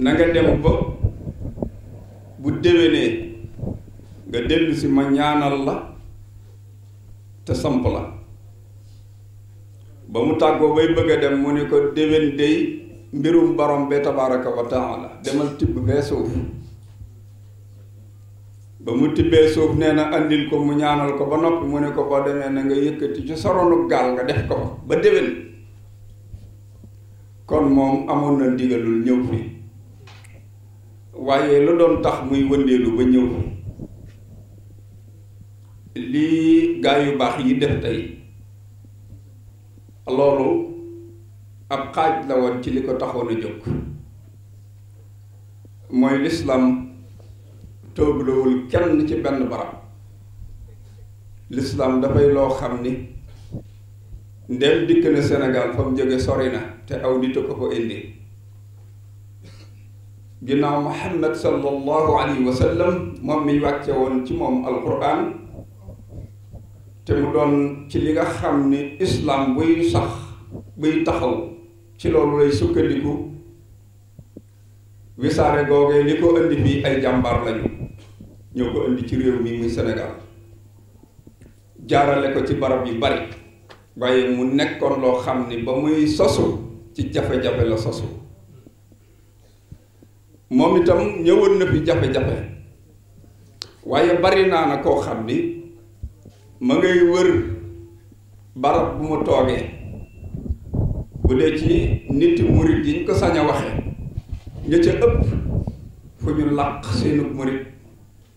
na nga dem ba bu déwénee nga dellu si ma ñaanal la te samp la ba mu tàggoo bay bëgg a dem mu ne ko déwén dey mbirum borom be tabaraka wa taala demal tibb bee suuf ba mu tibbee suuf nee na andil ko mu ñaanal ko ba noppi mu ne ko ba demee na nga yëkkati ci soronu gaal nga def ko ba déwén kon moom amoon na ndigalul ñëw fi waaye lu doon tax muy wëndeelu ba ñëw fi lii gaa yu baax yi def tey loolu ab xaaj la woon ci li ko taxoon a jóg mooy lislaam tooglowul kenn ci benn barab lislaam dafay loo xam ni ndem dikk na Sénégal fa mu jóge sori na te aw nit a ko indi ginnaaw Muhammad sallallahu alayhi wa moom mi wàcce woon ci moom alquran te mu doon ci li nga xam ni islaam buy sax buy taxaw ci loolu lay sukkandiku wisaare googee li ko indi fii ay jàmbaar lañu ñoo ko indi ci réew mi muy Sénégal jaarale ko ci barab yi bari waaye mu nekkoon loo xam ni ba muy sosu ci jafe-jafe la sosu moom itam ñëwoon na fi jafe-jafe waaye bari naa na koo xam ni ma ngay wër barab bu mu toogee bu dee ci nit murit yi ñu ko sañ a waxee ña ca ëpp fu ñu làq seenub murit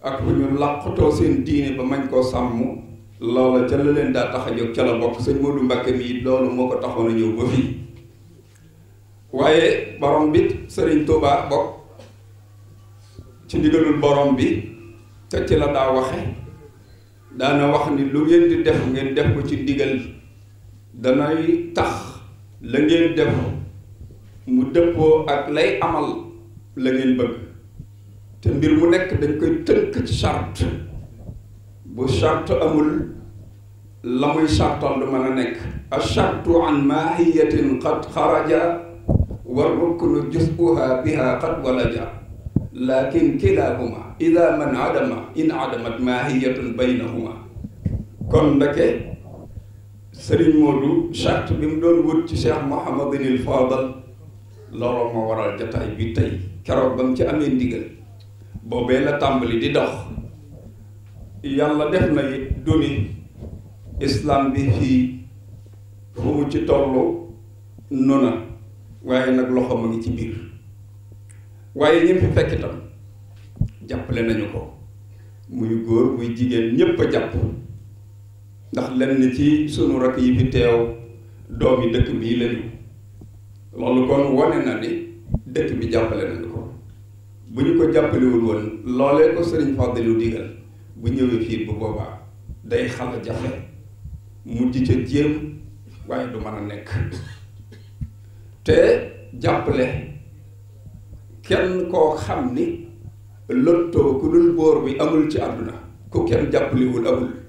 ak fu ñu làqutoo seen diine ba mañ koo sàmm loola ca la leen daa tax a jóg ca la bokk sëñ Modou Mbacké mii loolu moo ko taxoon a ñëw ba fii waaye borom bi sëriñ Touba bokk ci ndigalul borom bi te ci la daa waxe daana wax ni lu ngeen di def ngeen def ko ci ndigal danay tax la ngeen def mu dëppoo ak lay amal la ngeen bëgg te mbir mu nekk dañ koy tënk ci charte bu amul la muy chartal du mën a nekk achartu an mahiyatin qad xaraja wa ruknu jusuha biha qad walaja lakin kilahuma ida man adama in adamat mahiyatun baynahuma kon ndake Serigne Modou charte bi mu doon wut ci Cheikh Mouhamadinil Fadal looloo ma waral jataay bi tey keroog ba ci amee ndigal boobee la tàmbali di dox yàlla def na it duni islam bi fii fu ci tollu nuna waaye nag loxo ma ci biir waaye ñi fi fekk itam jàppale nañu ko muy góor muy jigéen ñépp a jàpp ndax lenn ci sunu rakk yi fi teew doomi dëkk bii lañu loolu kon wane na ni dëkk bi jàppale nañu ko bu ñu ko jàppalewul woon loolee ko sëriñ Fàdilu digal bu ñëwee fii bu boobaa day xala jafe mujj ca jéem waaye du mën a nekk te jàppale kenn koo xam ni lottoo ku dul boor bi amul ci àdduna ku kenn jàppalewul amul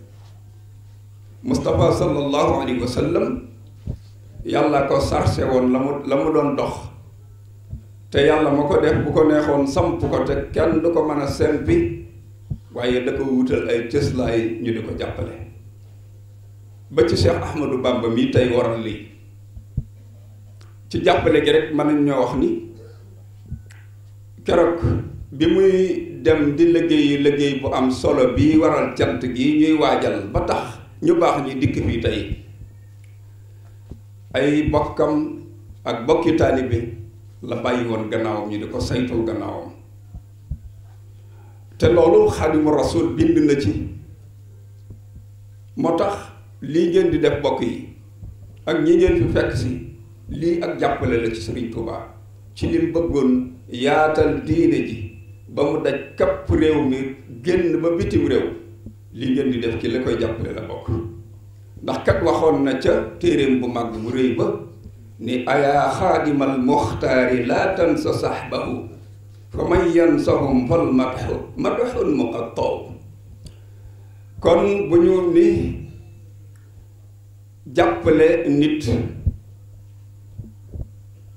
Moustapha sallallahu alayhi wa sallam yàlla ko sarse woon la mu la mu doon dox te yàlla ma ko def bu ko neexoon samp ko te kenn du ko mën a sempi waaye da ko wutal ay cëslaay ñu di ko jàppale ba ci Cheikh Ahmadou Bamba mi tey waral lii ci jàppale gi rek mën nañ ñoo wax ni keroog bi muy dem di liggéeyi liggéey bu am solo bii waral cant gi ñuy waajal ba tax ñu baax ñi dikk fii tey ay bokkam ak bokki taalibe la bàyyi woon gannaawam ñu di ko saytul gannaawam te loolu xaadimu rasul bind na ci moo tax lii ngeen di def bokk yi ak ñi gën fi fekk si lii ak jàppale la ci Sëriñ Tuubaa ci lim bëggoon yaatal diine ji ba mu daj kapp réew mi génn ba bitim réew li ngeen di def ci la koy jàppale la bokk ndax kat waxoon na ca téeréem bu mag bu rëy ba ni ayaa xaadimal muxtaari laa tansa saxbahu fa man yansahum fal madxu madxun muqattaw kon bu ñu ni jàppale nit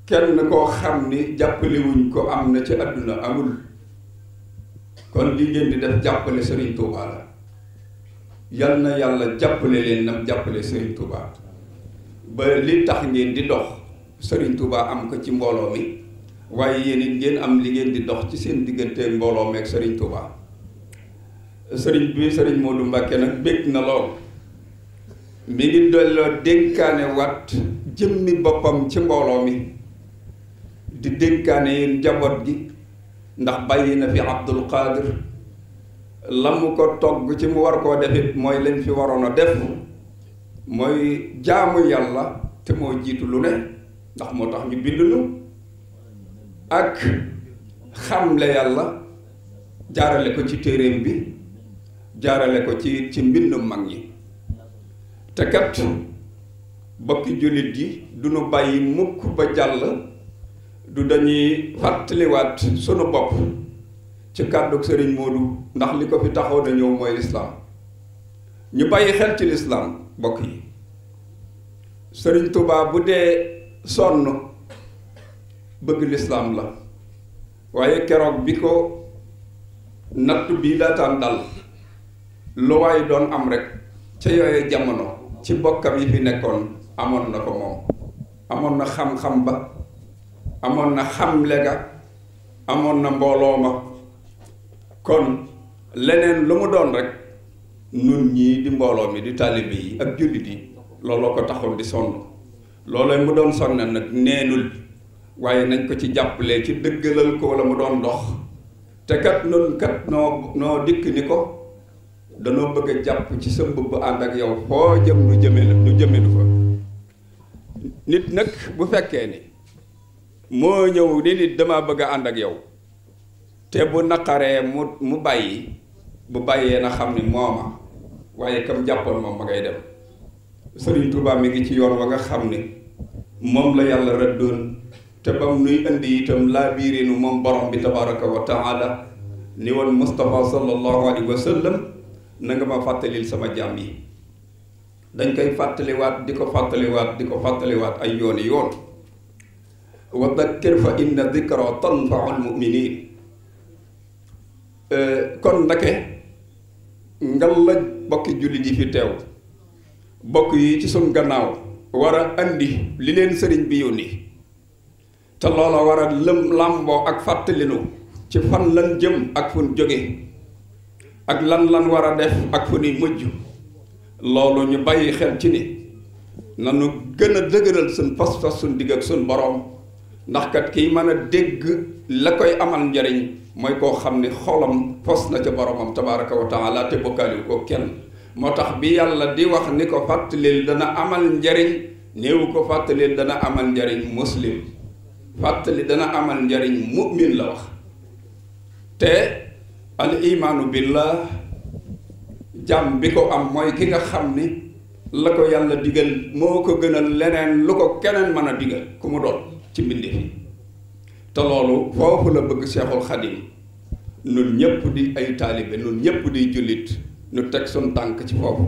kenn koo xam ni jàppalewuñ ko am na ci àdduna amul kon lii ngeen di def jàppale Sëriñ Tuubaa la yal na yàlla jàppale leen nam jàppale sëriñ tubaat ba li tax ngeen di dox sëriñ Touba am ko ci mbooloo mi waaye yéen ngeen am li ngeen di dox ci seen diggante mbooloo meeg Serigne Touba Serigne bi Serigne Modou Mbacké nag bég na lool mi ngi delloo dénkaane wat jëmmi boppam ci mbooloo mi di dénkaane yéen njaboot gi ndax bàyyi na fi Abdul Qadir la mu ko togg ci mu war koo def mooy lañ fi waroon a def mooy jaamu yàlla te moo jiitu lu ne ndax moo tax ñu bind nu ak xamle yàlla jaarale ko ci téeréem bi jaarale ko ci ci mbind mag ñi te kat bokki jullit yi du nu bàyyi mukk ba jàll du dañuy fàttaliwaat sunu bopp ci kàddu sëriñ Modou ndax li ko fi taxoon a ñëw mooy lislaam ñu bàyyi xel ci lislaam bokk yi sëriñ tubaab bu dee sonn bëgg lislaam la waaye keroog bi ko natt bii daataan dal lu waay doon am rek ca yooye jamono ci bokkam yi fi nekkoon amoon na ko moom amoon na xam-xam ba amoon na xamle ga amoon na mbooloo ma kon leneen lu mu doon rek nun ñii di mbooloo mi di taalibe yi ak jullit yi looloo ko taxoon di sonn loolooy mu doon sonn nag neenul waaye nañ ko ci jàppalee ci dëggalal ko wala mu doon dox te kat nun kat noo noo dikk ni ko danoo bëgg a jàpp ci sa mbubb ànd ak yow foo jëm lu jëme lu jëme lu fa nit nag bu fekkee ni moo ñëw ni nit dama bëgg a ànd ak yow te bu naqaree mu mu bàyyi bu bàyyee na xam ni mooma waaye kam jàppoon moom ma ngay dem Sëriñ Tuubaa mi ngi ci yoon wa nga xam ni moom la yàlla rëddoon te bam nuy indi itam laa biirinu moom borom bi tabaraka wa ni woon Moustapha sallallahu alayhi wa sallam na nga ma fàttalil sama jàmm yi dañ koy fàttaliwaat di ko fàttaliwaat di ko fàttaliwaat ay yooni yoon wa dakkir fa inna dikra tanfaul muminin Eh, kon ndake ngal la bokki jullit yi fi teew bokk yi ci sun gannaaw war a andi li leen sëriñ bi yónni te loola war a lëm làmboo ak fàttalinu ci fan lan jëm ak fun jóge ak lan lan war a def ak fu nuy mujj loolu ñu bàyyi xel ci ni nanu gën a dëgëral sun fas fas sun digg ak sun boroom ndax kat kiy mën a dégg la koy amal njariñ mooy koo xam ne xolam fos na ca boromam tabaraka wa taala te bokkaaliwu ko kenn moo tax bi yàlla di wax ni ko fàttalil dana amal njariñ néewu ko fàttalil dana amal njariñ muslim fàttali dana amal njariñ mu'min la wax te al imaanu la jàmm bi ko am mooy ki nga xam ni la ko yàlla digal moo ko gënal leneen lu ko keneen mën a digal ku mu doon ci mbindee te loolu foofu la bëgg Seexul Xadim nun ñëpp di ay taalibe nun ñëpp di jullit ñu teg suñ tànk ci foofu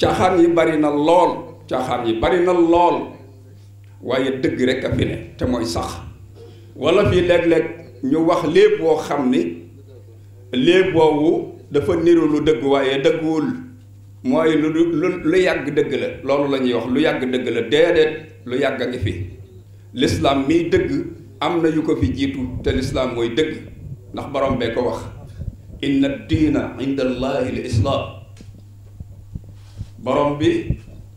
caaxaan yi bari na lool caaxaan yi bari na lool waaye dëgg rek a fi ne te mooy sax walla fii léeg-léeg ñu wax léeb woo xam ni léeb woowu dafa niru lu dëgg waaye dëgguwul mooy lu lu lu yàgg dëgg la loolu lañuy wax lu yàgg dëgg la déedéet lu yàgg a ngi fi lislaam miy dëgg am na yu ko fi jiitu te lislaam mooy dëgg ndax borom bee ko wax inna diina inda allahi l islaam borom bi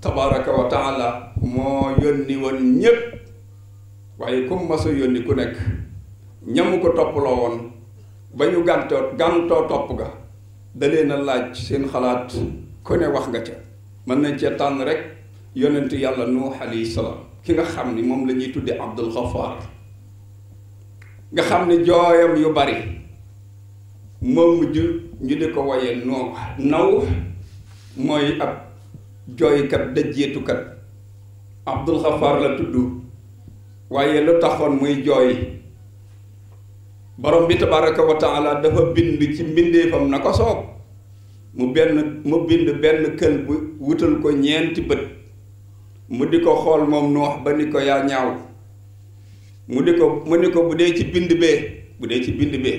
tabaraka wa taala moo yónni woon ñépp waaye comme ma sa yónni ku nekk ñam ko topploo woon ba ñu gàntoo gàntoo topp ga da leen laaj seen xalaat ku ne wax nga ca mën nañ cee tànn rek yonent yàlla nuux alayhi salaam ki nga xam ni moom la ñuy tudde abdul xafaar nga xam ne jooyam yu bari moom ju ñu di ko woye noo naw mooy ab jooykat dëjjeetukat abdul xafaar la tudd waaye lu taxoon muy jooy borom bi tabaraka wa taala dafa bind ci mbindeefam na ko soob mu benn mu bind benn kël bu wutal ko ñeenti bët mu di ko xool moom noox ba ni ko yaa ñaaw mu ne ko mu ne ko bu dee ci bind bee bu dee ci bind bee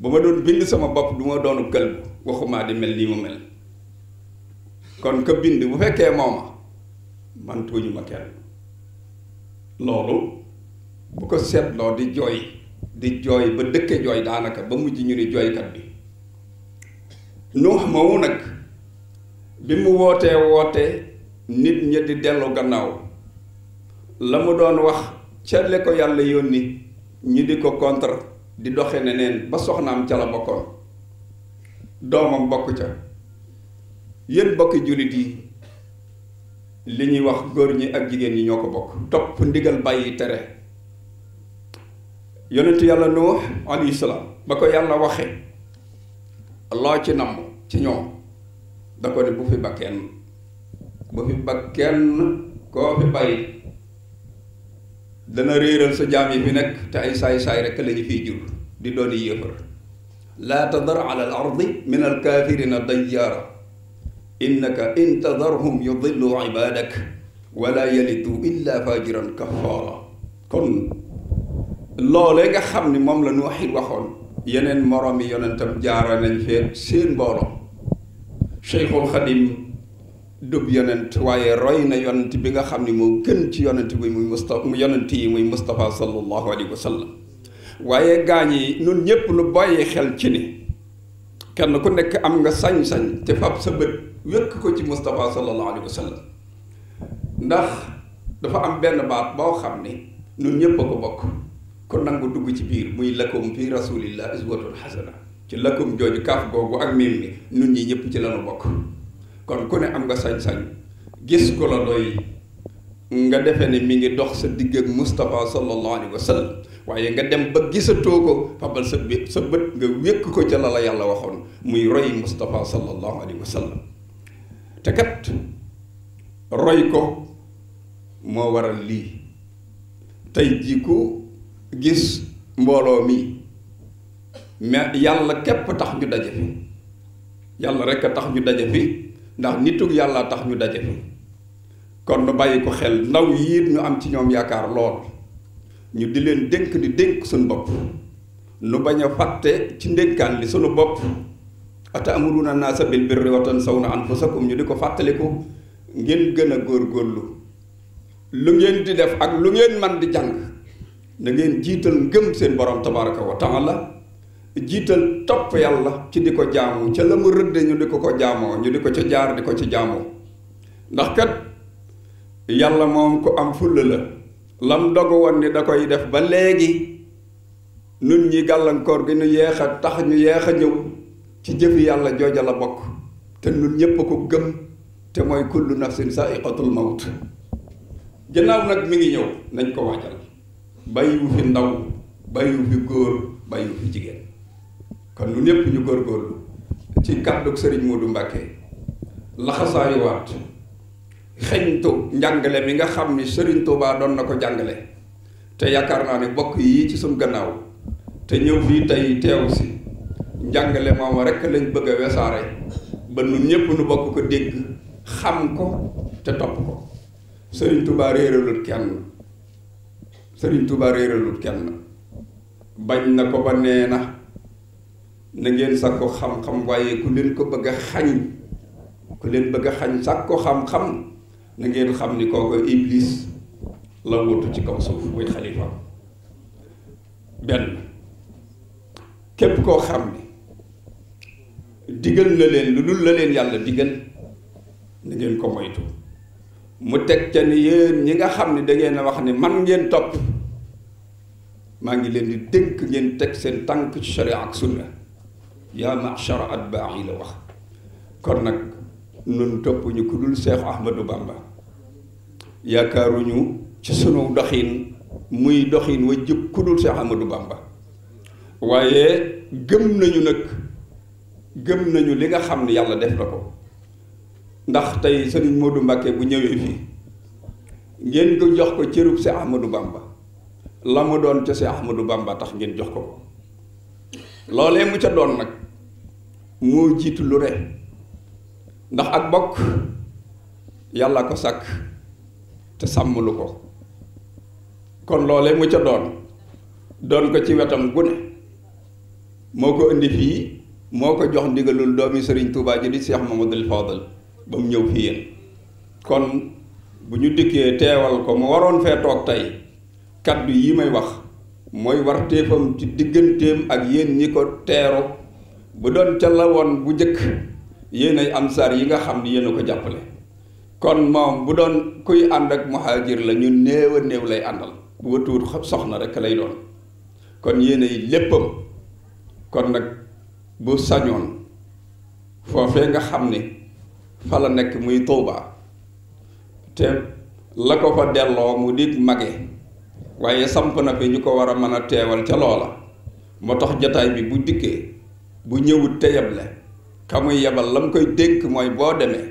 ba ma doon bind sama bopp du ma doonu kël waxumaa di mel nii mu mel kon ka bind bu fekkee mooma man tuuñu ma kenn loolu bu ko seetloo di jooy di jooy ba dëkke jooy daanaka ba mujj ñu ni jooykat bi nuux moomu nag bi mu wootee woote nit ñi di dellu gannaaw la mu doon wax cërle ko yàlla ni ñu di ko contre di doxe ne ba soxnaam ca la bokkoon doomam bokk ca yéen bokki jullit yi li ñuy wax góor ñi ak jigéen ñi ñoo ko bokk topp ndigal bàyyi tere yonentu yàlla nuux alayhi ba ko yàlla waxe loo ci namm ci ñoom da ko ne bu fi ba kenn bu fi ba kenn koo fi bàyyi dana réeral sa jaam yi fi nekk te ay saay-saay rekk la ñu fiy jur di doon yéefar laa tadar ala al ardi min al kaafirina dayyaara innaka in tadarhum yudillu ibadak wala yalidu illa fajiran kafaara kon loole nga xam ni moom la ñu waxit waxoon yeneen moroom yi yonentam jaara nañ feet seen mbooloo Cheikhul dub yonent waaye roy na yonent bi nga xam ni moo gën ci yonent bi muy musta mu yonent yi muy Moustapha sallallahu alayhi wa sallam waaye gaañ yi nun ñëpp lu bàyyi xel ci ni kenn ku nekk am nga sañ-sañ te fab sa bët wékk ko ci Moustapha sallallahu alayhi wa ndax dafa am benn baat boo xam ne nun ñëpp a ko bokk ku nangu dugg ci biir muy lakum fi rasulillah iswatun hasana ci lakum jooju kaaf googu ak miir mi nun ñi ñëpp ci lanu bokk kon ku ne am nga sañ-sañ gis ko la doy nga defee ne mi ngi dox sa digg ak Moustapha sallallahu alayhi waaye nga dem ba gisatoo ko fabal sa bët sa bët nga wékk ko ca la la yàlla waxoon muy roy Moustapha sallallahu alayhi wa sallam te kat roy ko moo waral lii tey jii ko gis mbooloo mi mais yàlla képp tax ñu daje fi yàlla rekk a tax ñu daje fi ndax nituk yàlla tax ñu daje fi kon nu bàyyi ko xel ndaw yi ñu am ci ñoom yaakaar lool ñu di leen dénk di dénk suñu bopp nu bañ a fàtte ci ndénkaan li suñu bopp naa ata'muruna naasa na birri wa tansawna anfusakum ñu di ko fàttaliku ngeen gën a góorgóorlu lu ngeen di def ak lu ngeen man di jàng na ngeen jiital ngëm seen borom tabaraka wa la jiital topp yàlla ci di ko jaamu ca la mu rëdde ñu di ko ko jaamoo ñu di ko ca jaar di ko ci jaamoo ndax kat yàlla moom ku am fulla la lam dogu woon ni da koy def ba léegi nun ñi gàllankoor gi ñu yeex a tax ñu yeex a ñëw ci jëf yàlla jooja la bokk te nun ñépp ko gëm te mooy kullu nafsin sa'iqatul mawt ginnaaw nag mi ngi ñëw nañ ko waajal bàyyiwu fi ndaw bàyyiwu fi góor bàyyiwu fi jigéen kon lu ñëpp ñu góorgóorlu ci kàddug sëriñ Modou Mbacké laxasaayu waat xeñtu njàngale mi nga xam ni sëriñ Touba doon na ko jàngale te yaakaar naa ne bokk yi ci suñ gannaaw te ñëw fii tey teew si njàngale moom rek lañ bëgg a wesaare ba nun ñëpp nu bokk ko dégg xam ko te topp ko sëriñ Touba réeralut kenn sëriñ Touba réeralut kenn bañ na ko ba nee na na ngeen sàkko xam-xam waaye ku leen ko bëgg a xañ ku leen bëgg a xañ sàkko xam-xam na ngeen xam ni kooku iblis la wutu ci kaw suuf muy xalifa benn képp koo xam ne digal na leen lu dul la leen yàlla digal na ngeen ko moytu mu teg ca ni yéen ñi nga xam ne dangeen a wax ne man ngeen topp maa ngi leen di dénk ngeen teg seen tànk ci sharia ak sunna yaa machara atbaa yi la wax kon nag nun topp ñu ku dul Seexu Ahmadou Bamba yaakaaruñu ci sunu doxin muy doxin wa jëpp ku dul Seexu Ahmadou Bamba waaye gëm nañu nag gëm nañu li nga xam ne yàlla def na ko ndax tey sëriñ Modou Mbacke bu ñëwee fii ngeen ko jox ko cërub Seex Ahmadou Bamba la mu doon ca Seex Ahmadou Bamba tax ngeen jox ko ko loolee mu ca doon nag moo jiit lu ne ndax ak bokk yàlla ko sàkk te sàmmlu ko kon loole mu ca doon doon ko ci wetam gune moo ko indi fii moo ko jox ndigalul doomi Serigne Touba ji di Cheikh Mamadou Fadal ba mu ñëw fii yéen kon bu ñu dikkee teewal ko mu waroon fee toog tey kaddu yi may wax mooy war téefam ci digganteem ak yéen ñi ko teeru bu doon ca la woon bu njëkk yéenay ansaar yi nga xam ni yéen ko jàppale kon moom bu doon kuy ànd ak muhaajir la ñu néew a néew lay àndal bu watuwut soxna rekk lay doon kon yéenay léppam kon nag bu sañoon foofee nga xam ni fa la nekk muy tuubaa te la ko fa delloo mu di mage waaye samp na fi ñu ko war a mën a teewal ca loola moo tax jataay bi bu dikkee bu ñëwut te yeble ka muy yebal la mu koy dénk mooy boo demee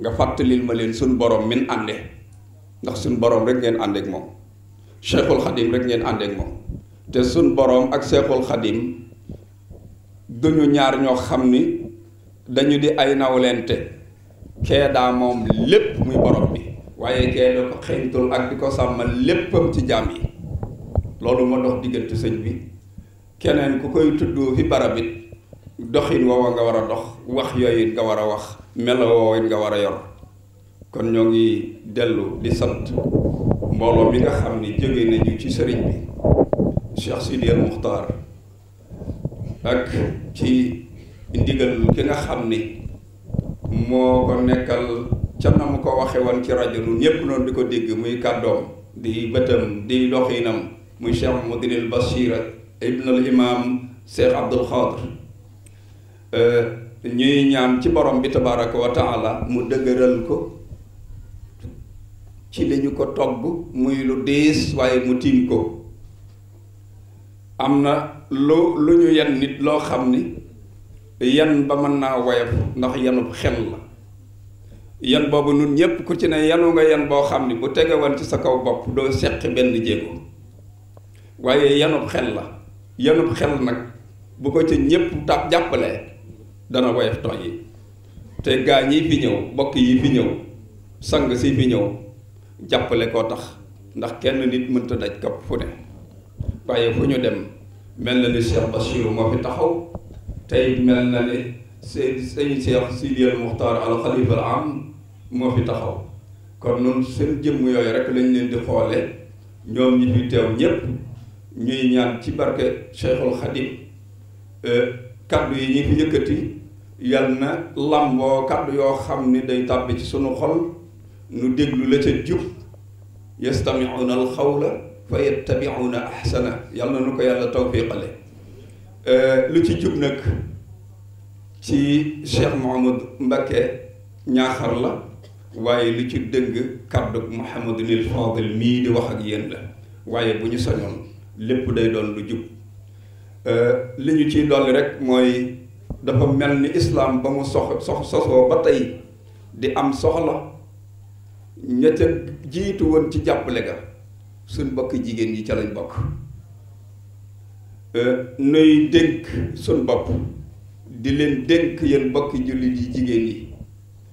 nga fàttalil ma leen suñ borom min àndee ndax suñu boroom rek ngeen àndeek moom cheikhul xadim rek ngeen àndeek moom te suñ borom ak cheikhul xadim duñu ñaar ñoo xam ni dañu di ay nawlente kee daa moom lépp muy borom bi waaye kee da ko xeeñtul ak di ko sàmmal léppam ci jaam yi loolu ma dox diggante sëñ bi keneen ku koy tuddoo fi barabit doxin woowa nga war a dox wax yooyu nga war a wax melo woowa nga war a yor kon ñoo ngi dellu di sant mbooloo mi nga xam ni jóge nañu ci sëriñ bi Cheikh Sidi El ak ci ndigal ki nga xam ni moo ko nekkal ca na mu ko waxe woon ci rajo ñun ñépp noonu di ko dégg muy kàddoom di bëtam di doxinam muy Cheikh Mouhamadoul Bachir ibn al imam Cheikh Abdoul Khadr Euh, ñuy ñaan ci borom bi tabaraka wa taala mu dëgëral ko ci li ñu ko togg muy lu diis waaye mu tiim ko am na lu lu ñu yan nit loo xam ni yan ba mën naa woyof ndax yanub xel la yan boobu nun ñépp ku ci ne yanu boo xam ni bu tegewoon ci sa kaw bopp doo seqi benn jéego waaye yanub xel la yanub xel nag bu ko ci ñépp ta jàppalee dana woyof tooñ yi te gaa ñi fi ñëw bokk yi fi ñëw sang si fi ñëw jàppale koo tax ndax kenn nit mënta daj kapp fu ne waaye fu ñu dem mel na ni Cheikh Bachir moo fi taxaw tey mel na ni seen sëñ Cheikh Sidiyal Muxtaar al Xalifa Am moo fi taxaw kon noonu seen jëmm yooyu rek lañ leen di xoole ñoom ñi fi teew ñépp ñuy ñaan ci barke Cheikhul Xadim euh, kaddu yi ñi fi yëkkati yal na lamboo kàddu yoo xam ni day tàbbi ci sunu xol nu déglu la ca jub yastamiuuna alxawla fa yattabiuuna ahsana yal na nu ko yàlla tawfiqale euh, lu ci jub nag ci Cheikh Mouhamad Mbacké ñaaxar la waaye lu ci dëng kàddu Mouhamadunil Fadil mii di wax ak yéen la waaye bu ñu sañoon lépp day doon lu jub euh, li ñu ciy dolli rek mooy dafa mel ni islaam ba mu sox sox sosoo ba tey di am soxla ña ca jiitu woon ci jàppale ga suñ bokk jigéen ñi ca lañ bokk euh, nuy dénk suñ bopp di leen dénk yéen bokki jullit yi jigéen yi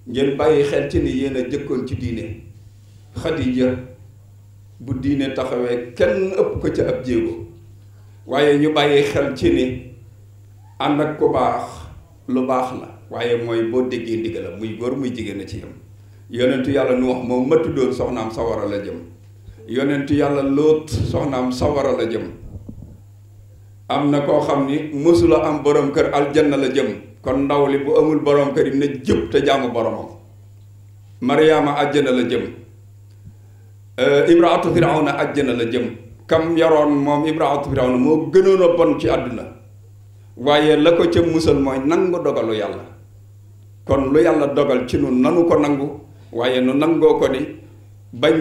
ngeen bàyyi xel ci ni yéen a jëkkoon ci diine xadija bu diine taxawee kenn ëpp ko ca ab jéego waaye ñu bàyyi xel ci ni ànd ak ku baax lu baax la waaye mooy boo déggee ndigalam muy góor muy jigéen la ci yem yonentu yàlla nu wax moom ma tuddoon soxnaam sawara la jëm yonentu yàlla lóot soxnaam sawara la jëm am na koo xam ni mësula am borom kër aljanna la jëm kon ndaw li bu amul borom kër yi na te jàng boromam mariyaama àjjana la jëm euh, ibraatu firawna àjjana la jëm kam yaroon moom ibraatu firawna moo gënoon a bon ci àdduna waaye la ko ca musal mooy nangu dogalu yàlla kon lu yàlla dogal ci nun nanu ko nangu waaye nu nangoo ko ni bañ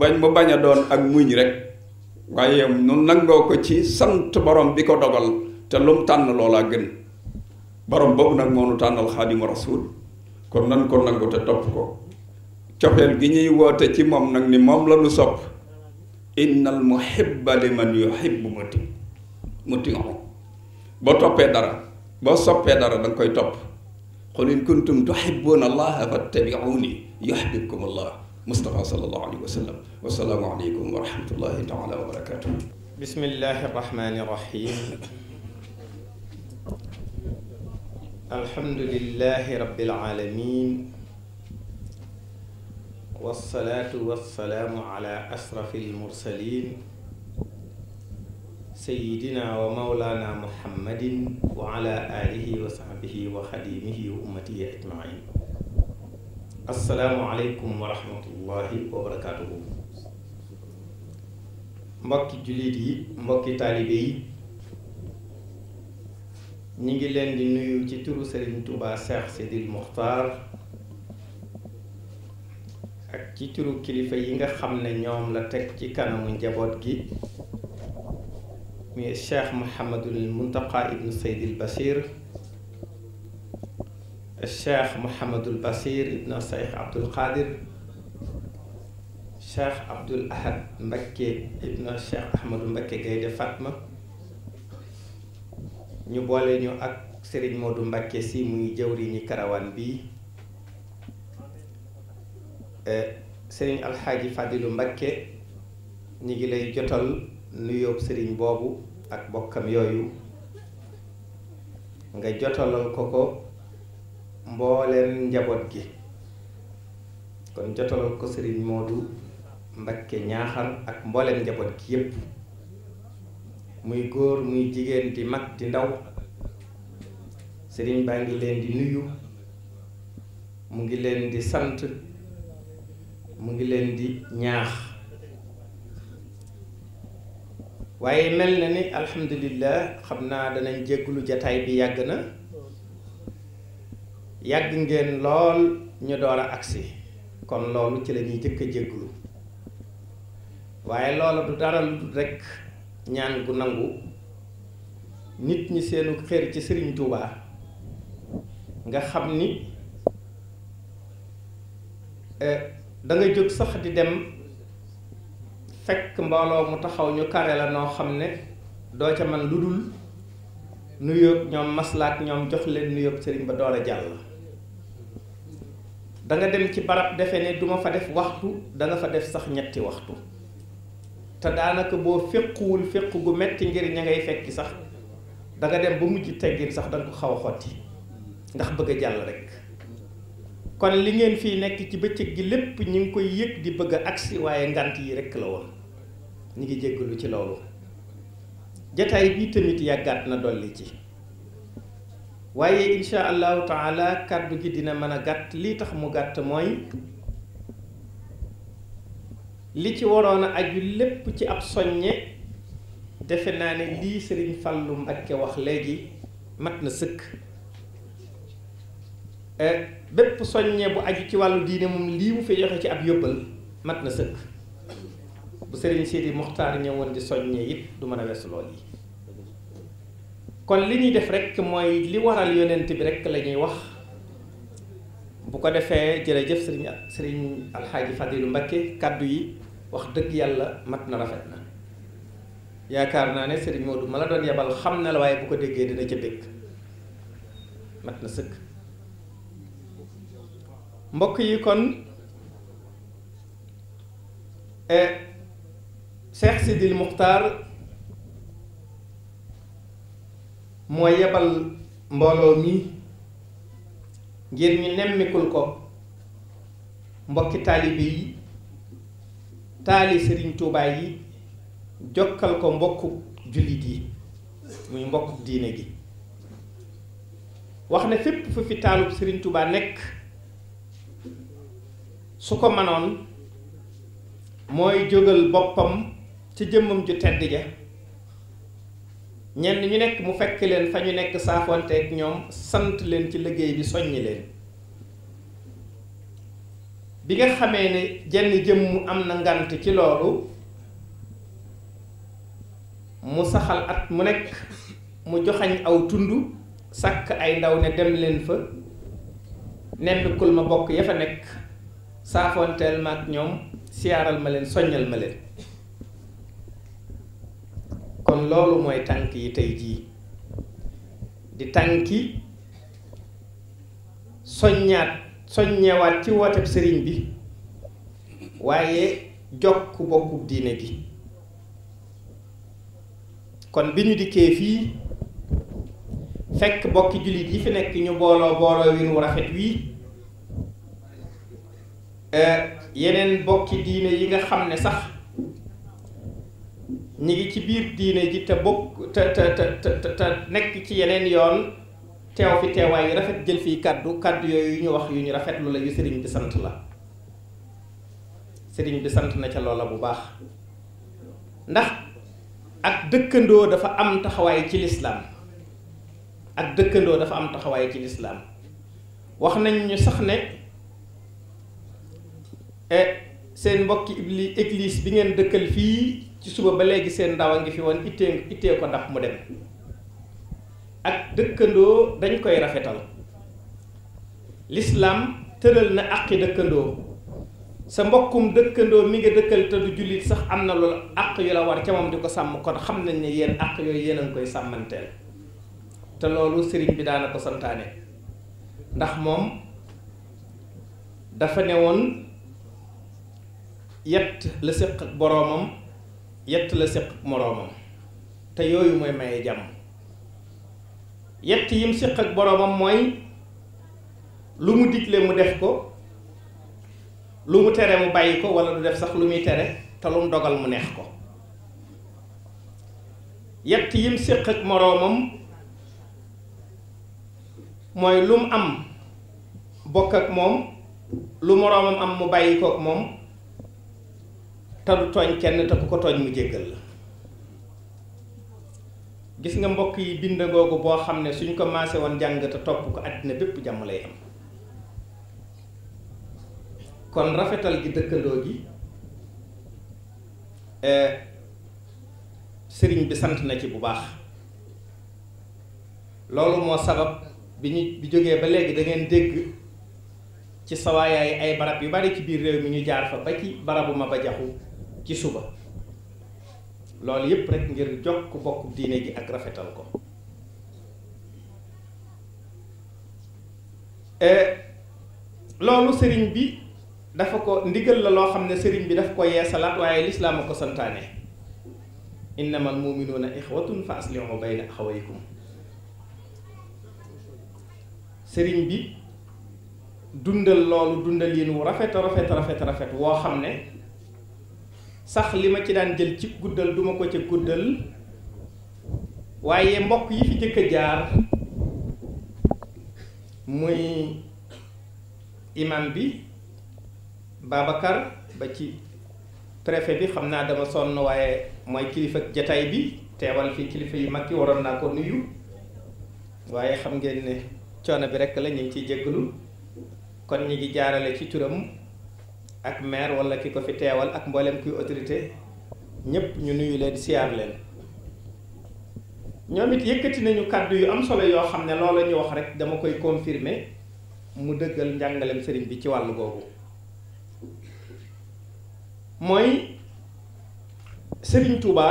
bañ mu bañ a doon ak muñ rek waaye nu nangoo ko ci sant borom bi ko dogal te lum tànn loolaa gën borom boobu nag moo nu tànnal xaadimu rasuul kon nan ko nangu te topp ko cofeel gi ñuy woote ci moom nag ni moom la nu sopp innal muhibba liman yuhibbu muti muti boo toppee dara boo soppee dara da nga koy topp qul in kuntum tuhibbuna allaha fattabi'uni yuhbibkum allah mustafa sallallahu alayhi wa sallam wasalaamu aleykum wa rahmatullahi taala wa barakatuh bismillahi arrahmani irrahim alhamdulilahi rabbil alamin wasalaatu wasalaamu ala asrafi almursalin sayidina wa mawlana muhammadin wa ala wa sahbihi wa xadimihi wa ummatihi ajmain assalaamu aleykum wa rahmatullahi wa barakatuhu mbokki jullit yi mbokki taalibe yi ñi ngi leen di nuyu ci turu Serigne Touba Cheikh Sidil Muxtaar ak ci turu kilifa yi nga xam ne ñoom la teg ci kanamu njaboot gi muy cheikh Mouhamadul Muntaqa ibnu Seydil Bachir cheikh Mouhamadul Bachir ibnu cheikh Abdoul Qadir cheikh Abdoul Ahad Mbacké ibnu cheikh Ahmadou Mbacké Gaynde Fatma ñu boole ñu ak Serigne Modou Mbacké si muy jëwriñi karawaan bi eh, Serigne Alxaaji Fadilu Mbacké ñu ngi lay jotal. nuyoo sëriñ boobu ak bokkam yooyu nga jotalal ko ko mbooleen njaboot gi kon jotalal ko sëriñ Modou Mbacké ñaaxar ak mbooleen njaboot gi yépp muy góor muy jigéen di mag di ndaw sëriñ baa ngi leen di nuyu mu ngi leen di sant mu ngi leen di ñaax waaye mel na ni alhamdulilah xam naa danañ jégglu jataay bi yàgg na yàgg ngeen lool ñu door a agsi kon loolu ci la ñuy jëkk a jégglu waaye loola du dara lu rekk ñaan gu nangu nit ñi seen xër ci sëriñ Touba nga xam ni eh, da nga jóg sax di dem fekk mbooloo mu taxaw ñu kare la noo xam ne doo ca man lu dul nuyóob ñoom maslaat ñoom jox leen nuyóob sëriñ ba doole jàll danga dem ci barab defe ne duma fa def waxtu da fa def sax ñetti waxtu te daanaka boo féquwul féq gu metti ngir ña ngay fekki sax danga nga dem ba mujj teggin sax da ko xaw a xotti ndax bëgg a jàll rekk kon li ngeen fii nekk ci bëccëg gi lépp ñu ngi koy yëg di bëgg a agsi waaye ngant yi rekk la woon ñu ngi jéggalu ci loolu jataay bii tamit yàggaat na dolli ci waaye insha allahu taala kàddu gi dina mën a gàtt lii tax mu gàtt mooy li ci waroon a aju lépp ci ab soññe defe naa ne lii sëriñ Fàllu Mbàkke wax léegi mat na sëkk eh, bépp soññe bu aju ci wàllu diine moom lii mu fi joxe ci ab yóbbal mat na sëkk bu sëriñ Sidi Muxtaar ñëwoon di soññee it du mën a weesu lool yi kon li ñuy def rek mooy li waral yonent bi rek la ñuy wax bu ko defee jërëjëf sëriñ sëriñ alxaaji Fadilu Mbakke kàddu yi wax dëgg yàlla mat na rafet na yaakaar naa ne sëriñ du ma la doon yebal xam na la waaye bu ko déggee dina ca dégg mat na sëkk mbokk yi kon. Eh, Cheikh Sidil Muxtaar moo yebal mbooloo mi ngir ñu nemmikul ko mbokki taalibe yi taali sëriñ Tuubaa yi jokkal ko mbokku jullit yi muy mbokku diine gi wax ne fépp fu fi taalub sëriñ Tuubaa nekk su ko mënoon mooy jógal boppam ci jëmmam ju tedd ja ñenn ñu nekk mu fekk leen fa ñu nekk saafonteeg ñoom sant leen ci liggéey bi soññi leen bi nga xamee ne jenn jëmm am na ngant ci loolu mu saxal at mu nekk mu joxañ aw tund sàkk ay ndaw ne dem leen fa nenn kul ma bokk ya fa nekk saafoonteel ma ak ñoom siyaaral ma leen soññal ma leen kon loolu mooy tànk yi tey jii di tànki soññaat soññewaat ci wooteb sëriñ bi waaye jokk bokkub diine gi kon bi ñu dikkee fii fekk bokki jullit yi fi nekk ñu booloo booloo wi rafet eh, wii yeneen bokki diine yi nga xam ne sax ñi ngi ci biir diine ji te bokk te te te te nekk ci yeneen yoon teew fi teewaay rafet jël fii kàddu kàddu yooyu ñu wax yu ñu rafetlu la yu sëriñ bi sant la sëriñ bi na ca loola bu baax ndax ak dëkkandoo dafa am taxawaay ci lislaam ak dëkkandoo dafa am taxawaay ci wax nañu ñu sax ne eh, seen mbokki ibli église bi ngeen dëkkal fii ci suba ba léegi seen ndaw a ngi fi woon ittee ittee ko ndax mu dem ak dëkkandoo dañ koy rafetal lislaam tëral na àqi dëkkandoo sa mbokkum dëkkandoo mi ngi dëkkal te jullit sax am na loolu àq yu la war ca moom di ko sàmm kon xam nañ ne yéen àq yooyu yéen a koy sàmmanteel te loolu sëriñ bi daana ko santaane ndax moom dafa ne woon yett la séq ak boroomam yett la séq moroomam te yooyu mooy maye jàmm yett yim séq ak boroomam mooy lu mu digle mu def ko lu mu tere mu bàyyi ko wala lu def sax lu muy tere te lu mu dogal mu neex ko yett yim séq ak moroomam mooy lu mu am bokk ak moom lu moroomam am mu bàyyi ko ak moom te tooñ kenn te ku ko tooñ mu jéggal la gis nga mbokk yi bind googu boo xam ne suñ ko maase woon jàng te topp ko àddina bépp jàmm lay am kon rafetal gi dëkkandoo gi eh, sëriñ bi sant na ci bu baax loolu moo sabab bi ñu bi jógee ba léegi dangeen dégg ci sawaayaay ay barab yu bari ci biir réew mi ñu jaar fa ba ci barabu ma ba jaxu ci suba loolu yépp rek ngir jokk bokk diine ji ak rafetal ko e, loolu sëriñ bi dafa ko ndigal la loo xam ne sëriñ bi daf ko yeesalaat waaye lislaam a ko santaane innamal muminuuna ixwatun fa aslihu bayna axawaykum sëriñ bi dundal loolu dundal yéen wu rafet rafet rafet rafet woo xam ne sax li ma ci daan jël ci guddal duma ko ca guddal waaye mbokk yi fi jëkk a jaar muy imam bi Babacar ba ci préfet bi xam naa dama sonn waaye mooy kilifa jataay bi teewal fi kilifa yu mag ki waroon naa ko nuyu waaye xam ngeen ne coono bi rekk la ci ngi kon ñu ngi jaarale ci turam ak maire wala ki ko fi teewal ak mboolem kuy autorité ñëpp ñu nuyu leen siyaar leen ñoom it yëkkati nañu kàddu yu am solo yoo xam ne loola ñu wax rek dama koy confirmer mu dëggal njàngalem sëriñ bi ci wàllu googu mooy sëriñ Touba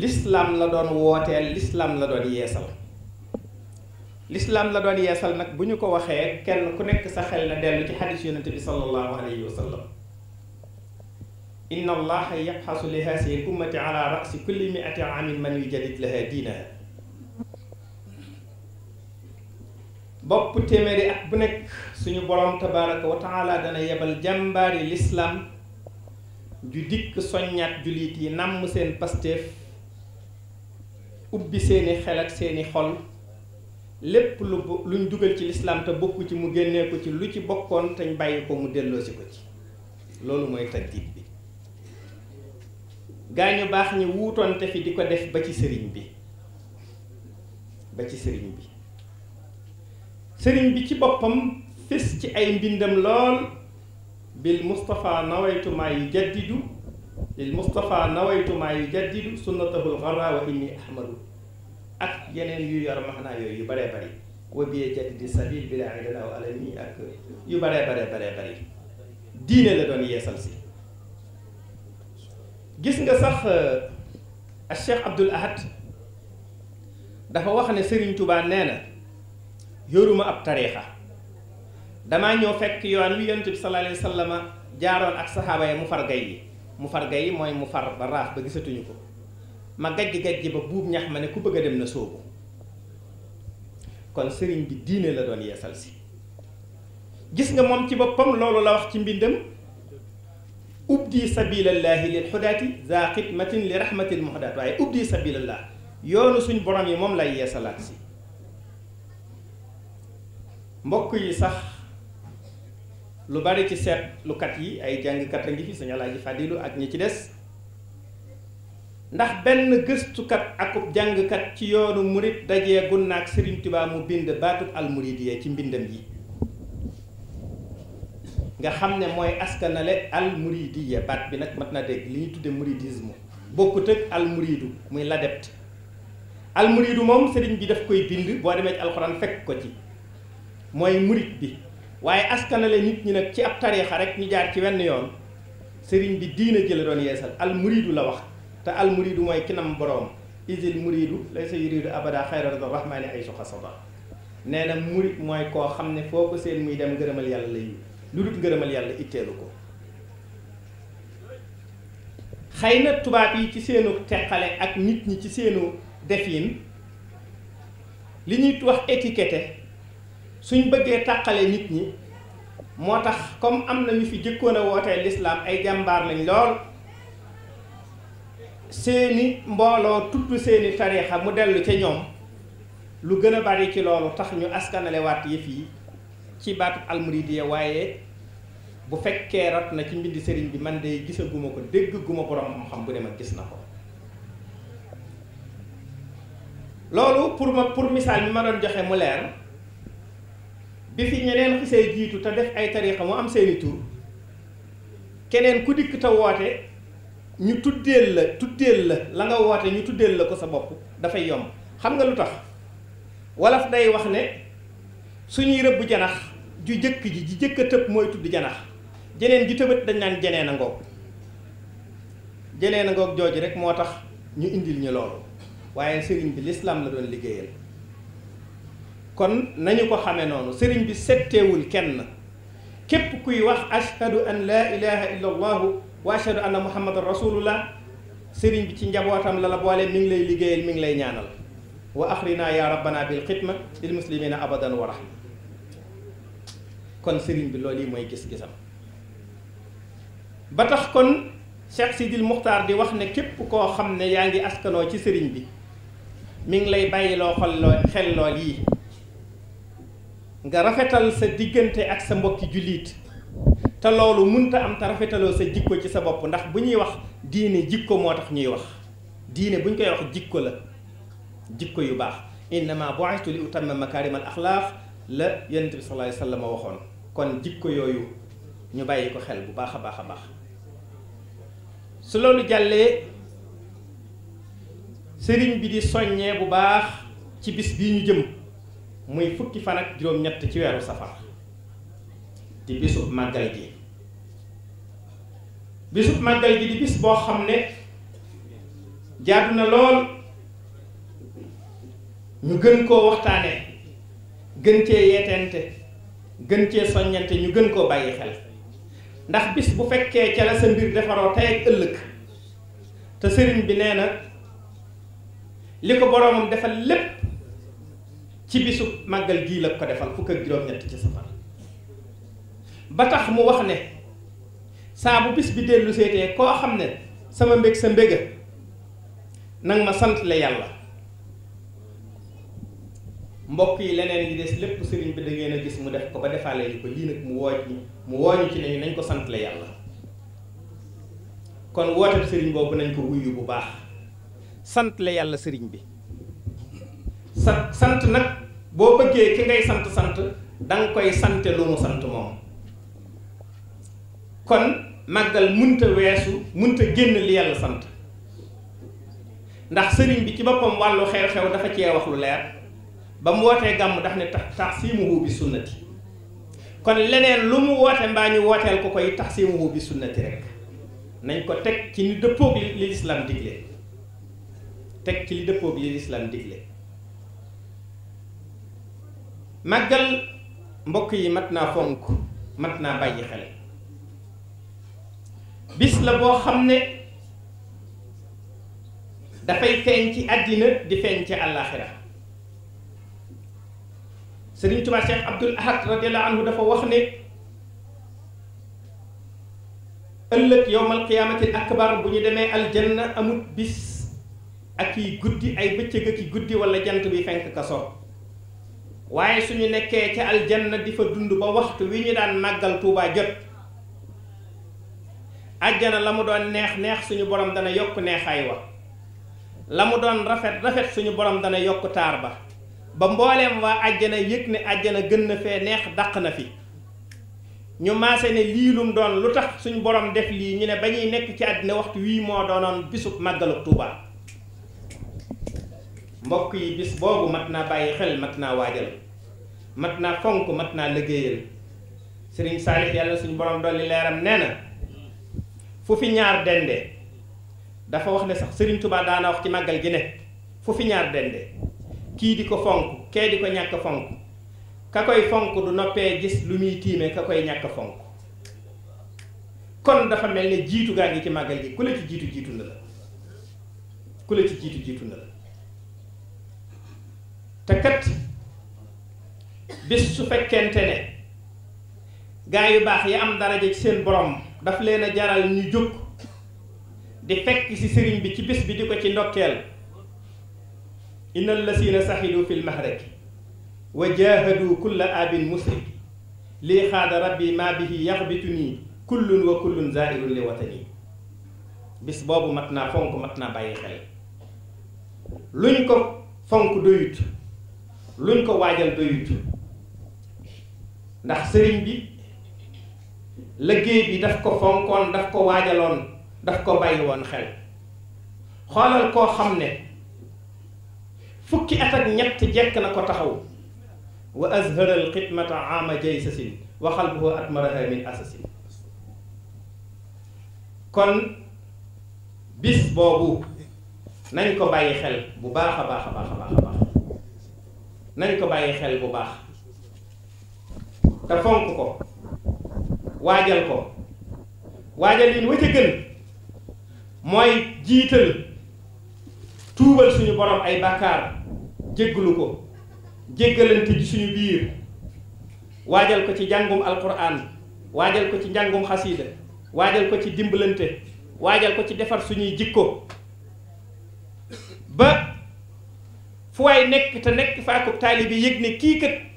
l'islam la doon wooteel l'islam la doon yeesal l'islam la doon yeesal nag bu ñu ko waxee kenn ku nekk sa xel na dellu ci xadis yonente bi sallallahu alayhi wa sallam inna allaha yabxasu li haasihi l borom tabaraka wa taala dana yebal jàmbaari l'islam yi nàmm seen pasteef ubbi seeni xel ak seeni xol lépp lu luñ dugal ci lislaam te bokku ci mu génnee ko ci lu ci bokkoon te ñu bàyyi ko mu delloosi ko ci loolu mooy tajdiid bi gaañu baax ñi wuutoonte fi di ko def ba ci sëriñ bi ba ci sëriñ bi sëriñ bi ci boppam fis ci ay mbindam lool bil mustapha nawaytumaa yu jaddidu lil mustapha nawaytumaa yu jaddidu sunnatahul xarra wa ahmadu ak yeneen yu yor max naa yooyu yu baree bari wa biyee jati di sabil bi daa ngi dalaw ak yu baree baree baree bari diine la doon yeesal si gis nga sax euh, ak Abdul Ahad dafa wax ne sëriñ Touba nee na yoruma ab tariixa damaa ñëw fekk yoon wi yonent bi sallallahu alayhi wa jaaroon ak saxaaba yi mu far gay yi mu far gay yi mooy mu far ba raaf ba gisatuñu ko ma gajj gajj ba buub ñax ma ne ku bëgg a dem na sóobu kon sëriñ bi diine la doon yeesal si gis nga moom ci boppam loolu la wax ci mbindam ubdi sabilallahi lil xudaati za xidmatin li rahmatil muxdaat waaye ubdi sabilallah yoonu suñ borom yi moom lay yeesalaat si mbokk yi sax lu bari ci seetlukat yi ay jàngkat a ngi fi sañ Alaaji Fadilu ak ñi ci des ndax benn gëstukat akub jàngkat ci yoonu murit daje gunnaak Sëriñ Tuubaa mu bind baatub almuridiyya ci mbindam yi nga xam ne mooy askanale almuridiyya baat bi nag mat na dégg li ñu tudde muridisme bokkut ak almuridu muy l'adepte almuridu moom sëriñ bi daf koy bind boo demee ci alxuraan fekk ko ci mooy murit bi waaye askanale nit ñi nag ci ab tariixa rek ñu jaar ci wenn yoon sëriñ bi diina jële doon yeesal almuridu la wax te al muridu mooy kinam boroom isil muridu lay sa yuridu abada xayra rahmaani ay su xasada nee na murid mooy koo xam ne foo ko seen muy dem ngërëmal yàlla lay lu dul ngërëmal yàlla itteelu ko xëy na tubaab yi ci seenu teqale ak nit ñi ci seenu defin li ñuy wax étiquette suñ bëggee taqale nit ñi moo tax comme am na ñu fi jëkkoon a wootee lislaam ay jàmbaar lañ lool seeni mbooloo tudd seeni tariixa mu dellu ca ñoom lu gën a bari ci loolu tax ñu askanalewaat yi fii ci baatu almuridiya waaye bu fekkee rat na ci mbindi sëriñ bi man de gisaguma ko dégg guma borom xam-xam bu ne ma gis na ko loolu pour ma pour misaal mi ma doon joxe mu leer bi fi ñeneen xisee jiitu te def ay tariixa mu am seeni tur keneen ku dikk te woote ñu tuddeel la tuddeel la la nga woote ñu tuddeel la ko sa bopp dafay yomb xam nga lu tax wolof day wax ne suñuy rëbb janax ju jëkk ji ji jëkk a tëb mooy tudd janax jeneen ji tëbët dañ naan jeneen a ngoog jeneen a ngoog jooju rek moo tax ñu indil ñu loolu waaye sëriñ bi lislaam la doon liggéeyal kon nañu ko xamee noonu sëriñ bi setteewul kenn képp kuy wax ashhadu an laa ilaha illa waa ashhadu anna muhammadan rasulullah sëriñ bi ci njabootam la la boole mi ngi lay liggéeyal mu ngi lay ñaanal wa axrina ya rabbana bil xidma lil muslimina abadan wa rahma kon sëriñ bi loolu yi mooy gis-gisam ba tax kon Cheikh Sidil Muxtaar di wax ne képp koo xam ne yaa ngi askanoo ci sëriñ bi mi ngi lay bàyyi loo xol loo xel lool yi nga rafetal sa diggante ak sa mbokki jullit te loolu munta am te rafetaloo sa jikko ci sa bopp ndax bu ñuy wax diine jikko moo tax ñuy wax diine bu ñu koy wax jikko la jikko yu baax innama bu'istu li utamma makaarimal axlaaq la yonent bi sallallahu alayhi wa sallam waxoon kon jikko yooyu ñu bàyyi ko xel bu baax a baax a baax su loolu jàllee sëriñ bi di soññee bu baax ci bis bii ñu jëm muy fukki fan ak juróom-ñett ci weeru safar di bisub màggal gi bisub màggal gi di bis boo xam ne jaadu na lool ñu gën koo waxtaanee gën cee yeeteente gën cee soññante ñu gën koo bàyyi xel ndax bis bu fekkee ca la sa mbir defaroo tey ak ëllëg te sëriñ bi nee na li ko boroomam defal lépp ci bisu màggal gii la ko defal kër ak juróom-ñett ci safar ba tax mu wax ne saa bu bis bi dellu seetee koo xam ne sama mbég sa mbéga nang ma santle yàlla mbokk yi leneen yi des lépp sëriñ bi da ngeen a gis mu def ko ba defaale ñu ko lii nag mu wooj mu wooñu ci nañu ko sant yàlla kon woote sëriñ boobu nañ ko wuyu bu baax sant yàlla sëriñ bi sant sant nag boo bëggee ki ngay sant sant danga koy sante lu mu sant moom kon màggal munta weesu munta génn li yàlla sant ndax sëriñ bi ci boppam wàllu xew-xew dafa cee wax lu leer ba mu wootee gàmm daf ne tax tax siimuhu bi sunnati kon leneen lu mu woote mbaa ñu wooteel ko koy tax siimuhu bi sunnati rek nañ ko teg ci ni dëppoog li lislaam digle teg ci li dëppoog li lislaam digle màggal mbokk yi mat naa fonk mat naa bàyyi xel bis la boo xam ne dafay feeñ ci àddina di feeñ ci àllaaxira Sëriñ Tuubaa Cheikh Abdul Ahad radiyallahu anhu dafa wax ne ëllëg yowmal qiyaamatil akbar bu ñu demee aljanna amut bis ak i guddi ay bëccëg ak yi guddi wala jant bi fenk kaso waaye suñu nekkee ca aljanna di fa dund ba waxtu wi ñu daan màggal Tuubaa jot ajjana la mu doon neex neex suñu borom dana yokk neexaay wa la mu doon rafet rafet suñu borom dana yokk taar ba ba mbooleem waa ajjana yëg ne ajjana gën na fee neex dàq na fi ñu maase ne lii lum doon lu tax suñu borom def lii ñu ne ba ñuy nekk ci àddina waxtu wii moo doonoon bisub màggalu Tuubaa mbokk yi bis boobu mat naa bàyyi xel mat naa waajal mat naa fonk mat naa liggéeyal sëriñ Saalix yàlla suñu borom dolli leeram nee na fu fi ñaar dende dafa wax ne sax sëriñ Touba daana wax ci màggal gi ne fu fi ñaar dende kii di ko fonk kee di ko ñàkk fonk ka koy fonk du noppee gis lu muy tiime ka koy ñàkk fonk kon dafa mel ne jiitu gaa ngi ci màggal gi ku la ci jiitu jiitu na la ku la ci jiitu jiitu na la te bis su fekkente ne gaa yu baax yi am daraja ci seen borom daf leen a jaral ñu jóg di fekk ci sëriñ bi ci bés bi di ko ci ndokkeel innal lasina saxidu fil mahraj wa jahadu kulla abin musrik lii xaada rabbi maa bihi yaxbitu nii kullun wa kullun zairun li watani bis boobu mat naa fonk mat naa bàyyi xel luñ ko fonk doyut luñ ko waajal doyut ndax sëriñ bi liggéey bi daf ko fonkoon daf ko waajaloon daf ko bàyyi woon xel xoolal koo xam ne fukki at ak ñett jekk na ko taxaw wa azhara al xidmata ama jay sasin wa xalbuhu atmaraha min asasin kon bis boobu nañ ko bàyyi xel bu baax a baax a baax a baax a baax nañ ko bàyyi xel bu baax te fonk ko waajal ko waajal yi wa ca gën mooy jiital tuubal suñu borom ay bàkkaar jéggalu ko jéggalante ci suñu biir waajal ko ci njàngum alquran waajal ko ci njàngum xasiida waajal ko ci dimbalante waajal ko ci defar suñuy jikko ba fu waay nekk te nekk faakub taali bi yëg ne kii kat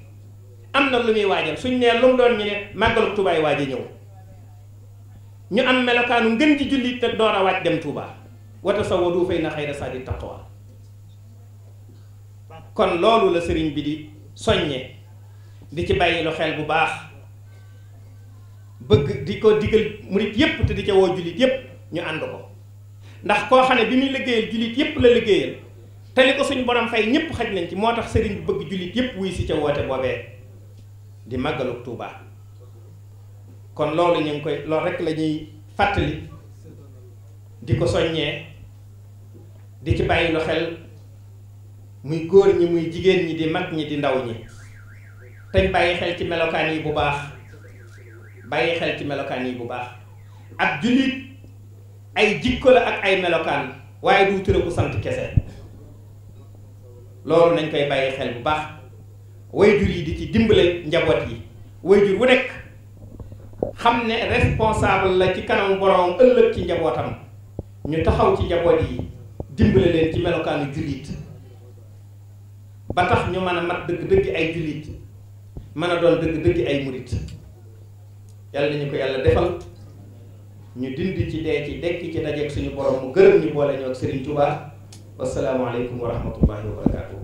am na lu muy waajal suñ nee lu mu doon ñu ne màggalu Tuubaa yi waaj a ñëw ñu am melokaanu ngën ji jullit te door a waaj dem Tuubaa wata sa wadu fay na xayra saadi taqwa kon loolu la sëriñ bi di soññe di ci bàyyi lu xel bu baax bëgg di ko digal murit yépp te di ca woo jullit yépp ñu ànd ko ndax koo xam ne bi muy liggéeyal jullit yépp la liggéeyal te li ko suñ borom fay ñëpp xaj nañ ci moo tax sëriñ bi bëgg jullit yépp wuy si ca woote boobee di màggalu Tuubaa kon loolu ñu ngi koy loolu rek lañuy ñuy fàttali di ko soññee di ci bàyyi lu xel muy góor ñi muy jigéen ñi di mag ñi di ndaw ñi teñ bàyyi xel ci melokaan yi bu baax bàyyi xel ci melokaan yi bu baax ak jullit ay jikko la ak ay melokaan waaye du ture sant kese loolu nañ koy bàyyi xel bu baax wayjur yi di ci dimbale njaboot yi wayjur bu nekk xam ne responsable la ci kanam boroom ëllëg ci njabootam ñu taxaw ci njaboot yi dimbale leen ci melokaanu jullit ba tax ñu mën a mat dëgg-dëgg ay jullit mën a doon dëgg-dëgg ay murit yàlla nañu ko yàlla defal ñu dindi ci dee ci dekk ci dajeeg suñu borom mu gërëm ñu boole ñoo ak Serigne Touba wasalaamualeykum wa rahmatullahi